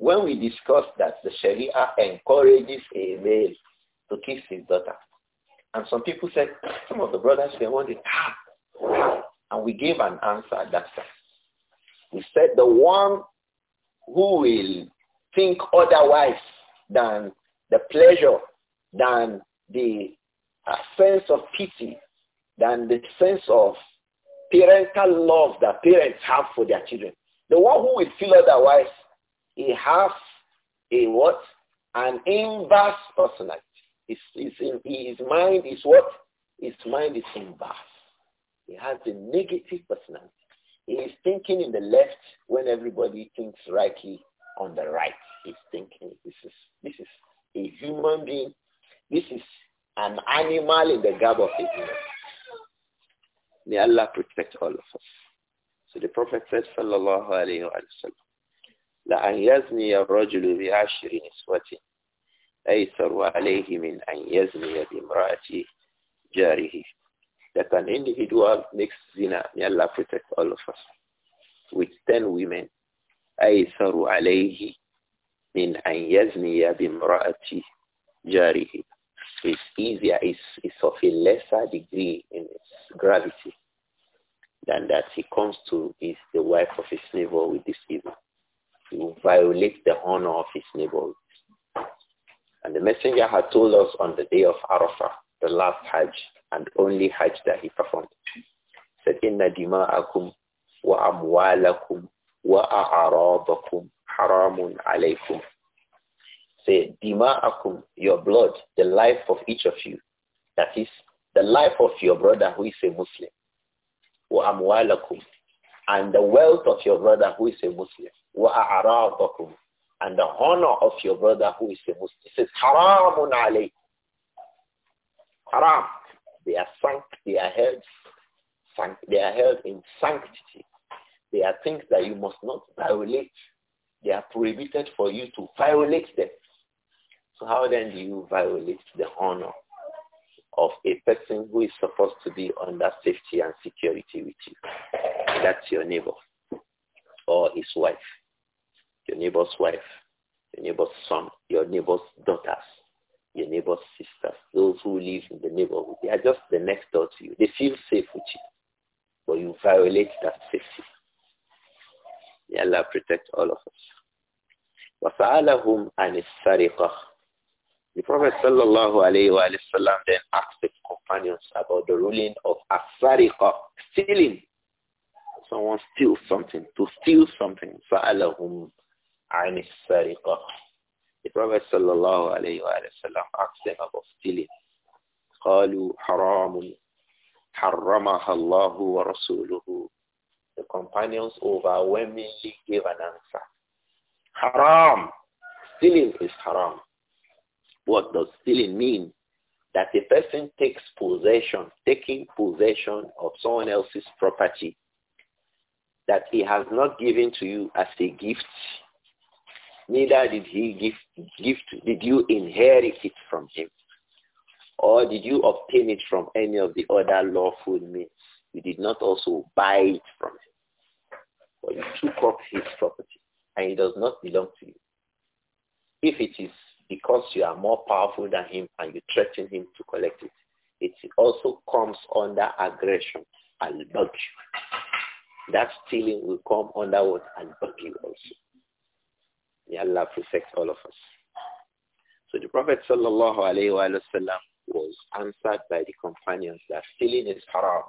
When we discussed that the Sharia encourages a male to kiss his daughter, and some people said, some of the brothers they wanted, ah, and we gave an answer at that time. We said the one who will think otherwise than the pleasure, than the uh, sense of pity, than the sense of parental love that parents have for their children. The one who will feel otherwise a half, a what? An inverse personality. His, his, his mind is what? His mind is inverse. He has a negative personality. He is thinking in the left when everybody thinks rightly on the right. He's thinking. This is, this is a human being. This is an animal in the garb of a human. May Allah protect all of us. So the Prophet said, Sallallahu Alaihi Wasallam, لأن يزني الرجل بعشر نسوة أيسر عليه من أن يزني بامرأة جاره that an individual makes zina, may Allah protect all of us, with ten women, أيسر عليه من أن يزني بامرأة جاره. It's easier, it's, it's of a lesser degree in its gravity than that he comes to is the wife of his neighbor with this evil. To violate the honor of his neighbors. And the messenger had told us on the day of Arafah, the last Hajj and only Hajj that he performed, said, Inna dima'akum wa amwalakum wa a'arabakum haramun alaykum. Say, dima'akum, your blood, the life of each of you, that is, the life of your brother who is a Muslim, wa amwalakum, and the wealth of your brother who is a Muslim. وَأَعْرَاضَكُمْ And the honor of your brother who is a Muslim. It says, حَرَامٌ عَلَيْكُمْ Haram. They are sunk, they are held, sank, they are held in sanctity. They are things that you must not violate. They are prohibited for you to violate them. So how then do you violate the honor of a person who is supposed to be under safety and security with you? That's your neighbor or his wife your neighbor's wife, your neighbor's son, your neighbor's daughters, your neighbor's sisters, those who live in the neighborhood. They are just the next door to you. They feel safe with you, but you violate that safety. May Allah protect all of us. وَسَأَلَهُمْ عَنِ السَّرِقَةِ The Prophet sallallahu alayhi wa sallam then asked the companions about the ruling of asariqa, stealing. Someone steals something, to steal something. فَأَلَهُمْ عن السرقة The Prophet صلى الله عليه وآله وسلم asked them about stealing قالوا حرام حرمها الله ورسوله The companions overwhelmingly gave an answer Haram Stealing is haram What does stealing mean? That a person takes possession, taking possession of someone else's property that he has not given to you as a gift neither did he give, gift. did you inherit it from him, or did you obtain it from any of the other lawful means. You did not also buy it from him, but you took up his property, and it does not belong to you. If it is because you are more powerful than him and you threaten him to collect it, it also comes under aggression, and baghi That stealing will come under what? and baghi also. May Allah protect all of us. So the Prophet sallallahu alayhi wa sallam was answered by the companions that stealing is haram.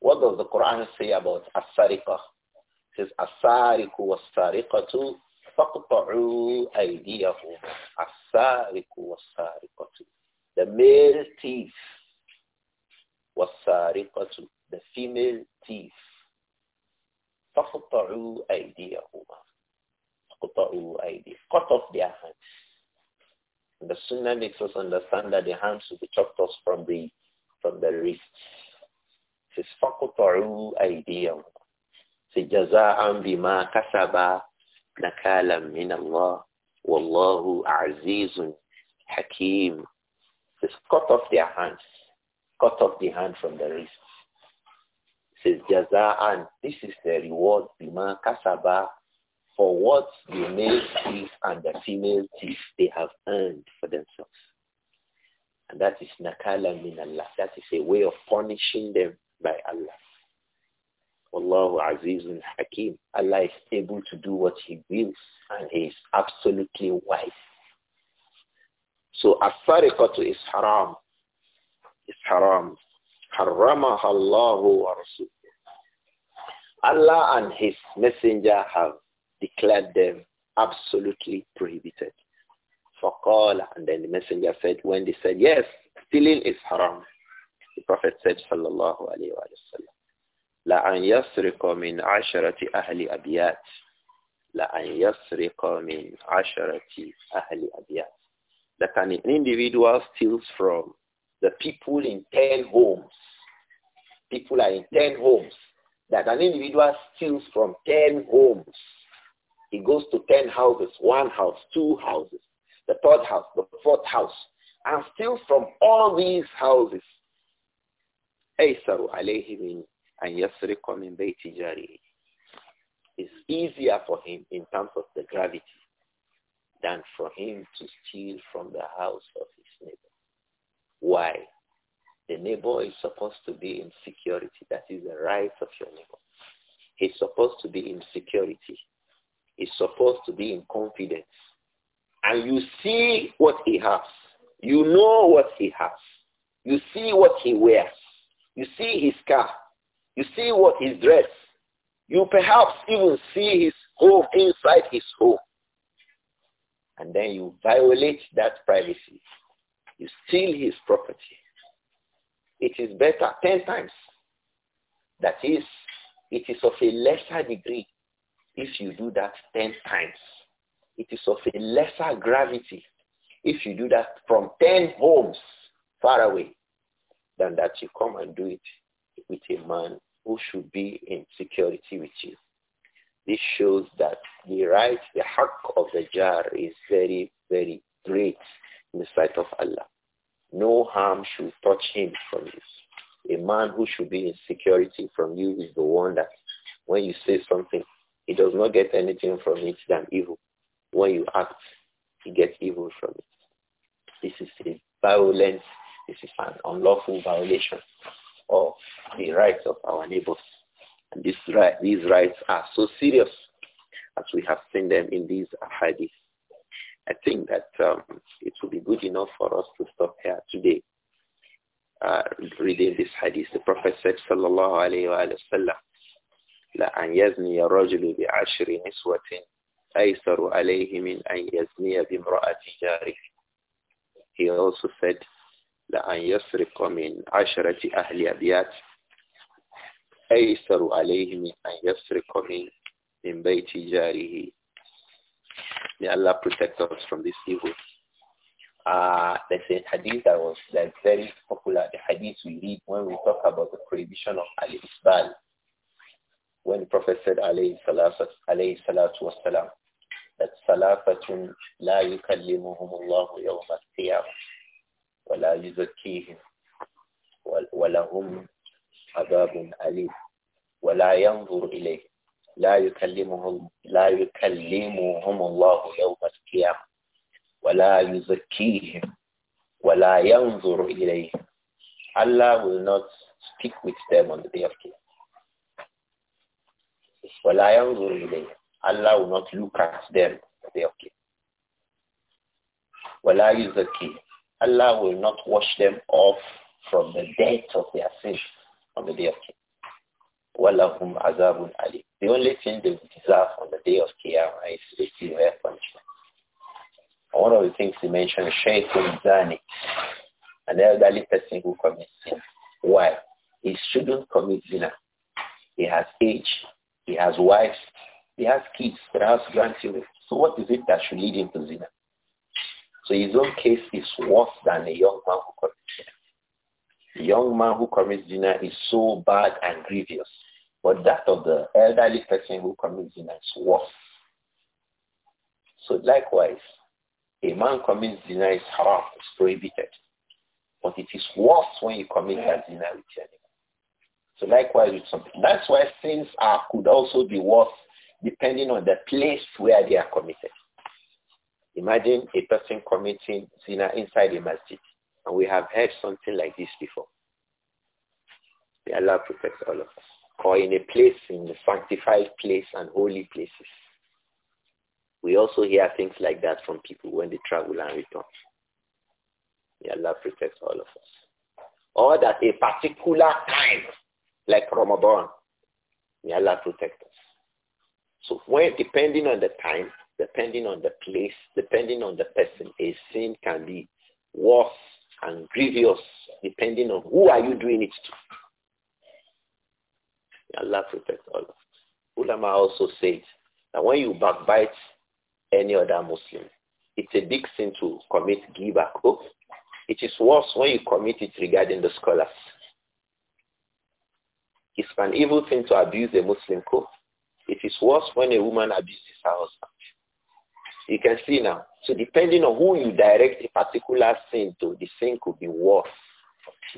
What does the Quran say about as-sariqah? It says as-sariqu was-sariqatu faqta'u aydiyahum. As-sariqu was-sariqatu. The male thief was-sariqatu. The female thief. فَقْطَعُوا أَيْدِيَهُمْ Cut off their hands. the sooner makes us understand that the hands will be chopped off from the from the wrists. It says, فَقُطَعُوا says, cut off their hands. Cut off the hand from the says, This is the reward for what the male teeth and the female teeth they have earned for themselves. And that is nakala min Allah. That is a way of punishing them by Allah. Allahu Azizun Hakim. Allah is able to do what he wills and he is absolutely wise. So as is haram. It's haram. haramah Allahu wa Allah and his messenger have declared them absolutely prohibited. فقال, and then the messenger said, when they said, yes, stealing is haram. The Prophet said, sallallahu alayhi wa sallam, لأن يسرق من عشرة أهل أبيات لأن يسرق من عشرة أهل أبيات That an individual steals from the people in 10 homes. People are in 10 homes. That an individual steals from 10 homes. He goes to 10 houses, one house, two houses, the third house, the fourth house. And still from all these houses, and It's easier for him in terms of the gravity than for him to steal from the house of his neighbor. Why? The neighbor is supposed to be in security. That is the right of your neighbor. He's supposed to be in security is supposed to be in confidence. And you see what he has. You know what he has. You see what he wears. You see his car. You see what his dress. You perhaps even see his home inside his home. And then you violate that privacy. You steal his property. It is better ten times. That is, it is of a lesser degree if you do that 10 times, it is of a lesser gravity if you do that from 10 homes far away than that you come and do it with a man who should be in security with you. This shows that the right, the haqq of the jar is very, very great in the sight of Allah. No harm should touch him from this. A man who should be in security from you is the one that when you say something, he does not get anything from it than evil. When you act, he gets evil from it. This is a violence. This is an unlawful violation of the rights of our neighbors. And this right, these rights are so serious as we have seen them in these hadiths. I think that um, it will be good enough for us to stop here today. Uh, reading this hadith, the Prophet said, sallallahu alaihi wasallam. لأن يزني الرجل بعشر نسوة أيسر عليه من أن يزني بامرأة جاره. He also said لأن يسرق من عشرة أهل أبيات أيسر عليه من أن يسرق من من بيت جاره. May Allah protect us from this evil. Uh, there's a hadith that was very popular, the hadith we read when we talk about the prohibition of al-isbal, when the Prophet said, alayhi salatu, that salafatun la yukallimuhum yawm al-qiyam, wa la yuzakkihim, wa lahum adabun alim, wa la yanzur ilayhim. لا يكلمهم لا يكلمهم الله يوم القيامة ولا يزكيهم ولا ينظر إليهم Allah will not speak with them on the day of Qiyamah. Allah will not look at them. They okay. Allah will not wash them off from the debt of their sins on the day of Qiyamah. The only thing they deserve on the day of Qiyamah is the severe punishment. one of the things he mentioned, Shaykhun Zani, an elderly person who commits sin. Why? He shouldn't commit zina. He has age. He has wives. He has kids. He has grandchildren. So what is it that should lead him to zina? So his own case is worse than a young man who commits zina. A young man who commits zina is so bad and grievous. But that of the elderly person who commits zina is worse. So likewise, a man commits zina is haram, it's prohibited. But it is worse when you commit yeah. zina with your so likewise with something. That's why sins are, could also be worse depending on the place where they are committed. Imagine a person committing zina inside a masjid. And we have heard something like this before. May Allah protects all of us. Or in a place, in the sanctified place and holy places. We also hear things like that from people when they travel and return. May Allah protect all of us. Or that a particular time like Ramadan. May Allah protect us. So when, depending on the time, depending on the place, depending on the person, a sin can be worse and grievous depending on who are you doing it to. May Allah protect all of us. Ulama also said that when you backbite any other Muslim, it's a big sin to commit give back. Oh, it is worse when you commit it regarding the scholars. It's an evil thing to abuse a Muslim co. It is worse when a woman abuses her husband. You can see now. So depending on who you direct a particular sin to, the sin could be worse.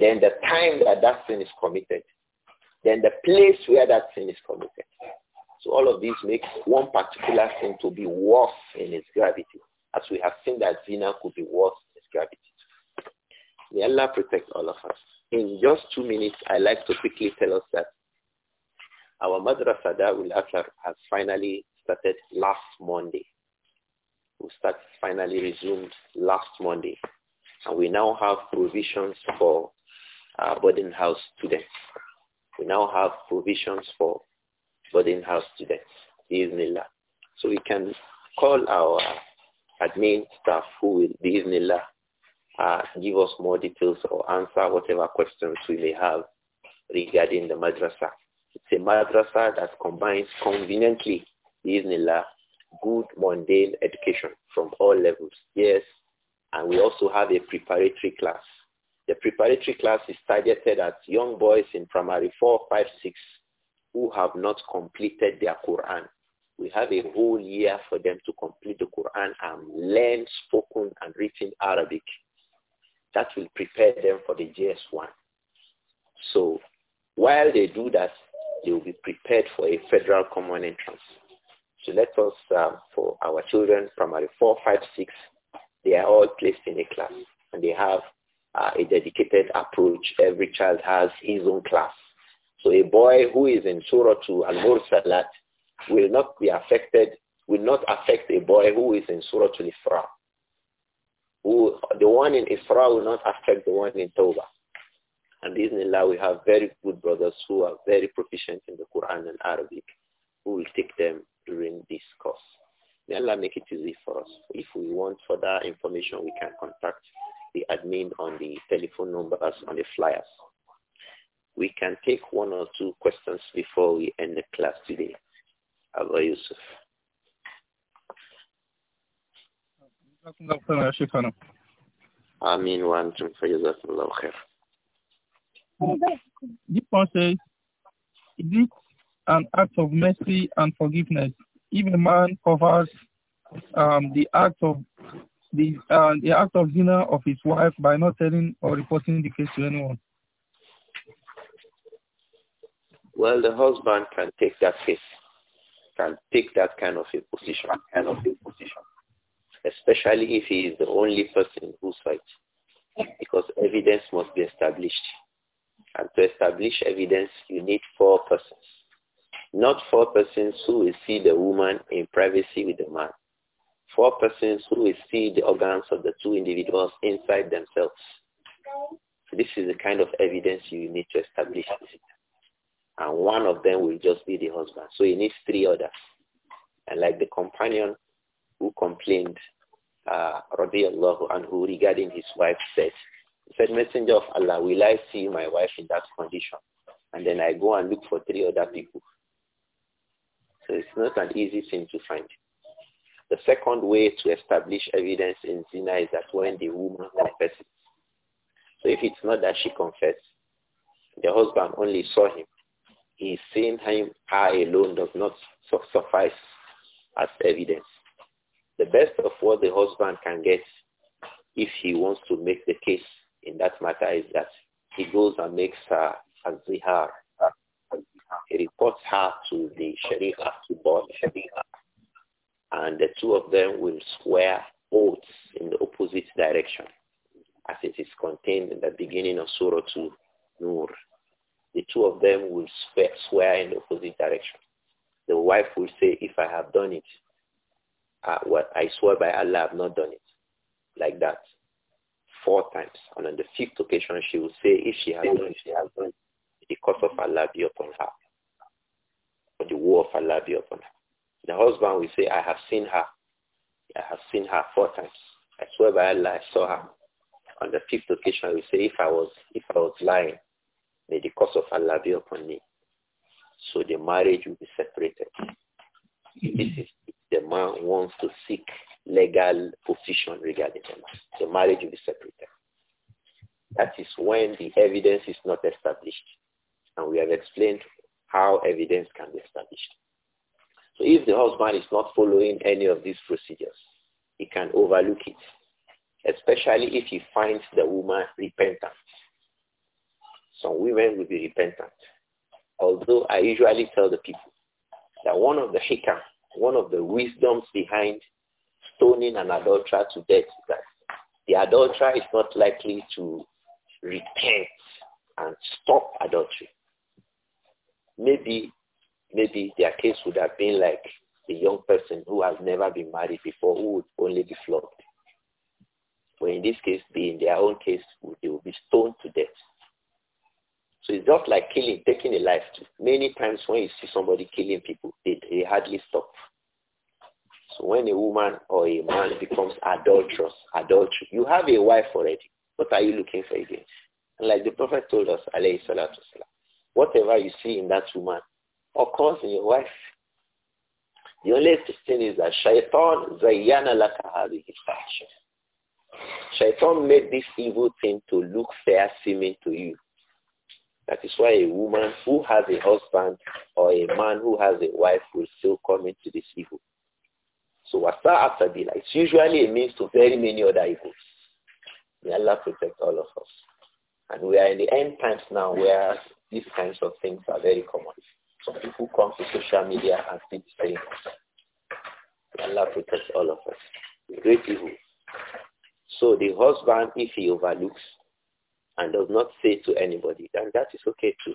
Then the time that that sin is committed. Then the place where that sin is committed. So all of these makes one particular sin to be worse in its gravity, as we have seen that zina could be worse in its gravity. May Allah protect all of us. In just two minutes, I like to quickly tell us that our madrasa Darul Akhar has finally started last Monday. We start finally resumed last Monday. And we now have provisions for boarding house students. We now have provisions for boarding house students. Bismillah. So we can call our admin staff who will, Bismillah, uh, give us more details or answer whatever questions we may have regarding the madrasa. It's a madrasa that combines conveniently, Bismillah, good mundane education from all levels. Yes, and we also have a preparatory class. The preparatory class is targeted at young boys in primary 4, 5, 6 who have not completed their Quran. We have a whole year for them to complete the Quran and learn spoken and written Arabic that will prepare them for the JS1. So while they do that, they will be prepared for a federal common entrance. So let us, um, for our children, primary 4, 5, 6, they are all placed in a class and they have uh, a dedicated approach. Every child has his own class. So a boy who is in Surah more Al-Mursalat will not be affected, will not affect a boy who is in Surah twenty-four the one in Isra will not affect the one in Toba. And Allah, we have very good brothers who are very proficient in the Quran and Arabic, who will take them during this course. May Allah make it easy for us. If we want further information, we can contact the admin on the telephone numbers on the flyers. We can take one or two questions before we end the class today. Abba Yusuf. جزاكم الله one يا شيخنا آمين وأنتم فجزاكم الله خير Deep says, is an act of mercy and forgiveness if a man covers um, the act of the uh, the act of zina of his wife by not telling or reporting the case to anyone? Well, the husband can take that case, can take that kind of a position, kind of a position especially if he is the only person who's right, because evidence must be established. And to establish evidence, you need four persons. Not four persons who will see the woman in privacy with the man. Four persons who will see the organs of the two individuals inside themselves. So this is the kind of evidence you need to establish. And one of them will just be the husband. So you need three others. And like the companion who complained uh, radiallahu anhu regarding his wife said He said, Messenger of Allah, will I see my wife in that condition? And then I go and look for three other people. So it's not an easy thing to find. The second way to establish evidence in zina is that when the woman confesses. So if it's not that she confessed, the husband only saw him. He's seen him, I alone does not suffice as evidence the best of what the husband can get if he wants to make the case in that matter is that he goes and makes uh, a zihar. He reports her to the Sharia, to board Sharia. And the two of them will swear oaths in the opposite direction as it is contained in the beginning of Surah 2, Nur. The two of them will swear, swear in the opposite direction. The wife will say, if I have done it, uh, I swear by Allah, I've not done it. Like that. Four times. And on the fifth occasion, she will say, if she has done it, she has done it. The curse of Allah be upon her. Or the war of Allah be upon her. The husband will say, I have seen her. I have seen her four times. I swear by Allah, I saw her. On the fifth occasion, we say, if I was, if I was lying, may the curse of Allah be upon me. So the marriage will be separated. This is the man wants to seek legal position regarding the marriage. The marriage will be separated. That is when the evidence is not established. And we have explained how evidence can be established. So if the husband is not following any of these procedures, he can overlook it, especially if he finds the woman repentant. Some women will be repentant. Although I usually tell the people that one of the hikam one of the wisdoms behind stoning an adulterer to death is that the adulterer is not likely to repent and stop adultery. Maybe, maybe their case would have been like the young person who has never been married before who would only be flogged. But in this case, in their own case, they will be stoned to death. So it's just like killing, taking a life. Many times when you see somebody killing people, they, they hardly stop. So when a woman or a man becomes adulterous, adultery, you have a wife already. What are you looking for again? And like the Prophet told us, alayhi salatu salam, whatever you see in that woman of course, in your wife. The only thing is that shaitan zayyana laka Shaitan made this evil thing to look fair seeming to you. That is why a woman who has a husband or a man who has a wife will still come into this evil. So wasa asabila, it's usually a means to very many other evils. May Allah protect all of us. And we are in the end times now where these kinds of things are very common. Some people come to social media and speak saying, Allah protect all of us. Great evil. So the husband, if he overlooks and does not say to anybody, then that is okay too.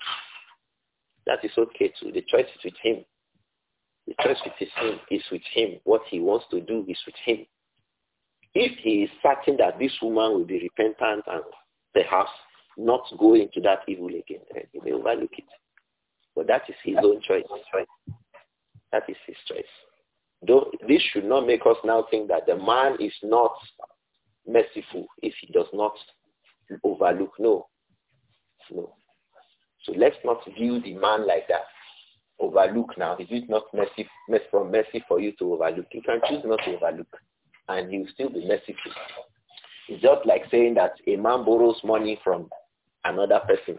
That is okay too. The choice is with him. The choice is him is with him. What he wants to do is with him. If he is certain that this woman will be repentant and perhaps not go into that evil again, then he may overlook it. But that is his own choice. That is his choice. Though this should not make us now think that the man is not merciful if he does not overlook. No. No. So let's not view the man like that. Overlook now. Is it not mercy from mercy for you to overlook? You can choose not to overlook and he will still be merciful. It's just like saying that a man borrows money from another person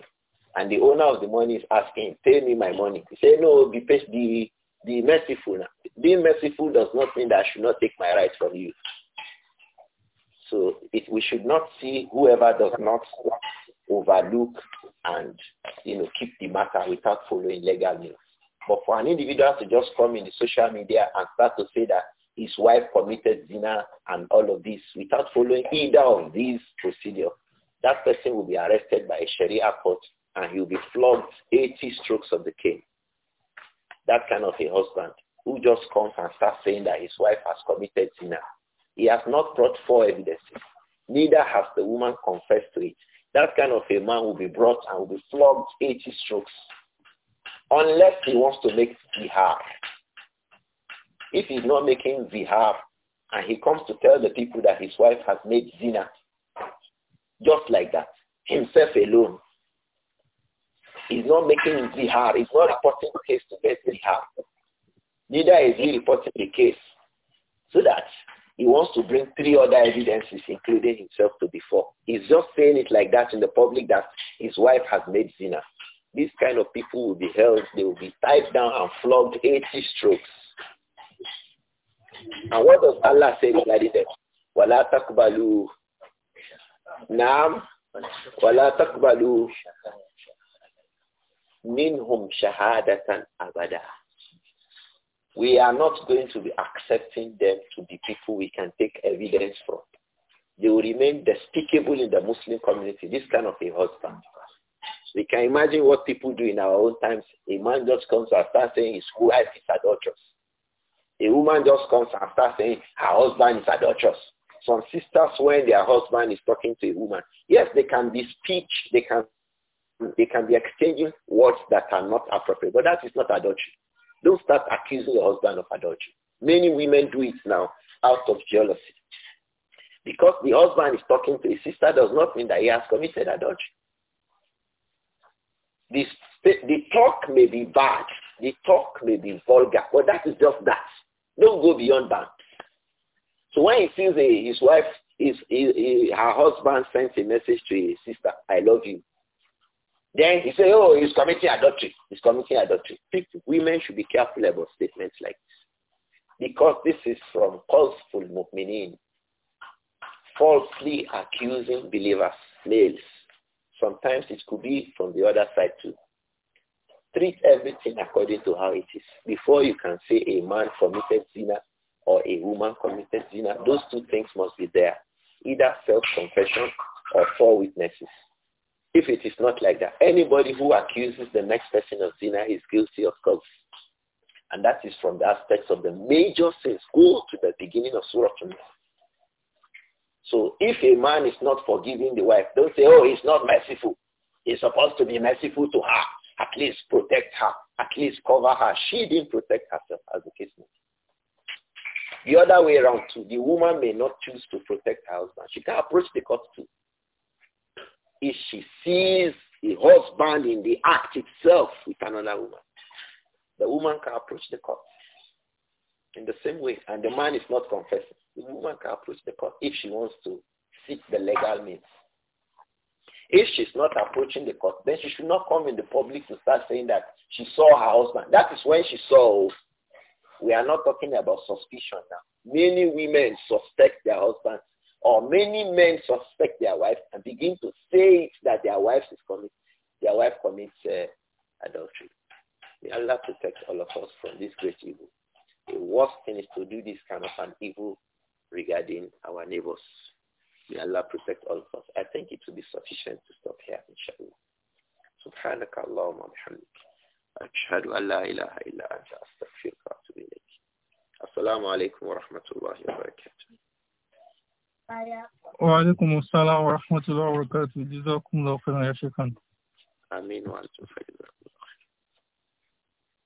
and the owner of the money is asking, pay me my money. You say, no, be, be, be merciful. Being merciful does not mean that I should not take my rights from you. So it, we should not see whoever does not overlook and you know keep the matter without following legal means. But for an individual to just come in the social media and start to say that his wife committed zina and all of this without following either of these procedures, that person will be arrested by a Sharia court and he'll be flogged 80 strokes of the cane. That kind of a husband who just comes and starts saying that his wife has committed zina he has not brought four evidences. Neither has the woman confessed to it. That kind of a man will be brought and will be flogged 80 strokes unless he wants to make vihar. If he's not making vihar and he comes to tell the people that his wife has made zina, just like that, himself alone, he's not making zihar, he's not reporting the case to get zihar. Neither is he reporting the case. So that he wants to bring three other evidences, including himself, to the fore. He's just saying it like that in the public that his wife has made zina. These kind of people will be held, they will be tied down and flogged 80 strokes. And what does Allah say regarding them? وَلَا تَقْبَلُوا نعم وَلَا تَقْبَلُوا minhum shahadatan abada we are not going to be accepting them to be people we can take evidence from. They will remain despicable in the Muslim community, this kind of a husband. We can imagine what people do in our own times. A man just comes and starts saying his wife is adulterous. A woman just comes and starts saying her husband is adulterous. Some sisters, when their husband is talking to a woman, yes, they can be speech, they can, they can be exchanging words that are not appropriate, but that is not adultery. Don't start accusing your husband of adultery. Many women do it now out of jealousy. Because the husband is talking to his sister does not mean that he has committed adultery. The, the talk may be bad. The talk may be vulgar. But that is just that. Don't go beyond that. So when he sees a, his wife, his, his, his, her husband sends a message to his sister, I love you. Then he say, oh, he's committing adultery. He's committing adultery. People, women should be careful about statements like this. Because this is from falseful mu'minin, falsely accusing believers, males. Sometimes it could be from the other side too. Treat everything according to how it is. Before you can say a man committed zina or a woman committed zina, those two things must be there. Either self-confession or four witnesses. If it is not like that, anybody who accuses the next person of zina is guilty of cults. And that is from the aspects of the major sins. Go to the beginning of Surah An-Nisa. So if a man is not forgiving the wife, don't say, oh, he's not merciful. He's supposed to be merciful to her. At least protect her. At least cover her. She didn't protect herself, as the case may be. The other way around too. The woman may not choose to protect her husband. She can approach the court too if she sees a husband in the act itself with another woman, the woman can approach the court in the same way. And the man is not confessing. The woman can approach the court if she wants to seek the legal means. If she's not approaching the court, then she should not come in the public to start saying that she saw her husband. That is when she saw. Oh, we are not talking about suspicion now. Many women suspect their husbands or many men suspect their wife and begin to say it that their wife is commit, their wife commits uh, adultery. May Allah protect all of us from this great evil. The worst thing is to do this kind of an evil regarding our neighbors. May Allah protect all of us. I think it will be sufficient to stop here, inshallah. سبحانك اللهم وبحمدك أشهد أن لا إله إلا أنت أستغفرك وأتوب إليك السلام عليكم ورحمة الله وبركاته وعليكم السلام ورحمة الله وبركاته جزاكم الله خيرا يا شيخنا آمين وأنتم خيرا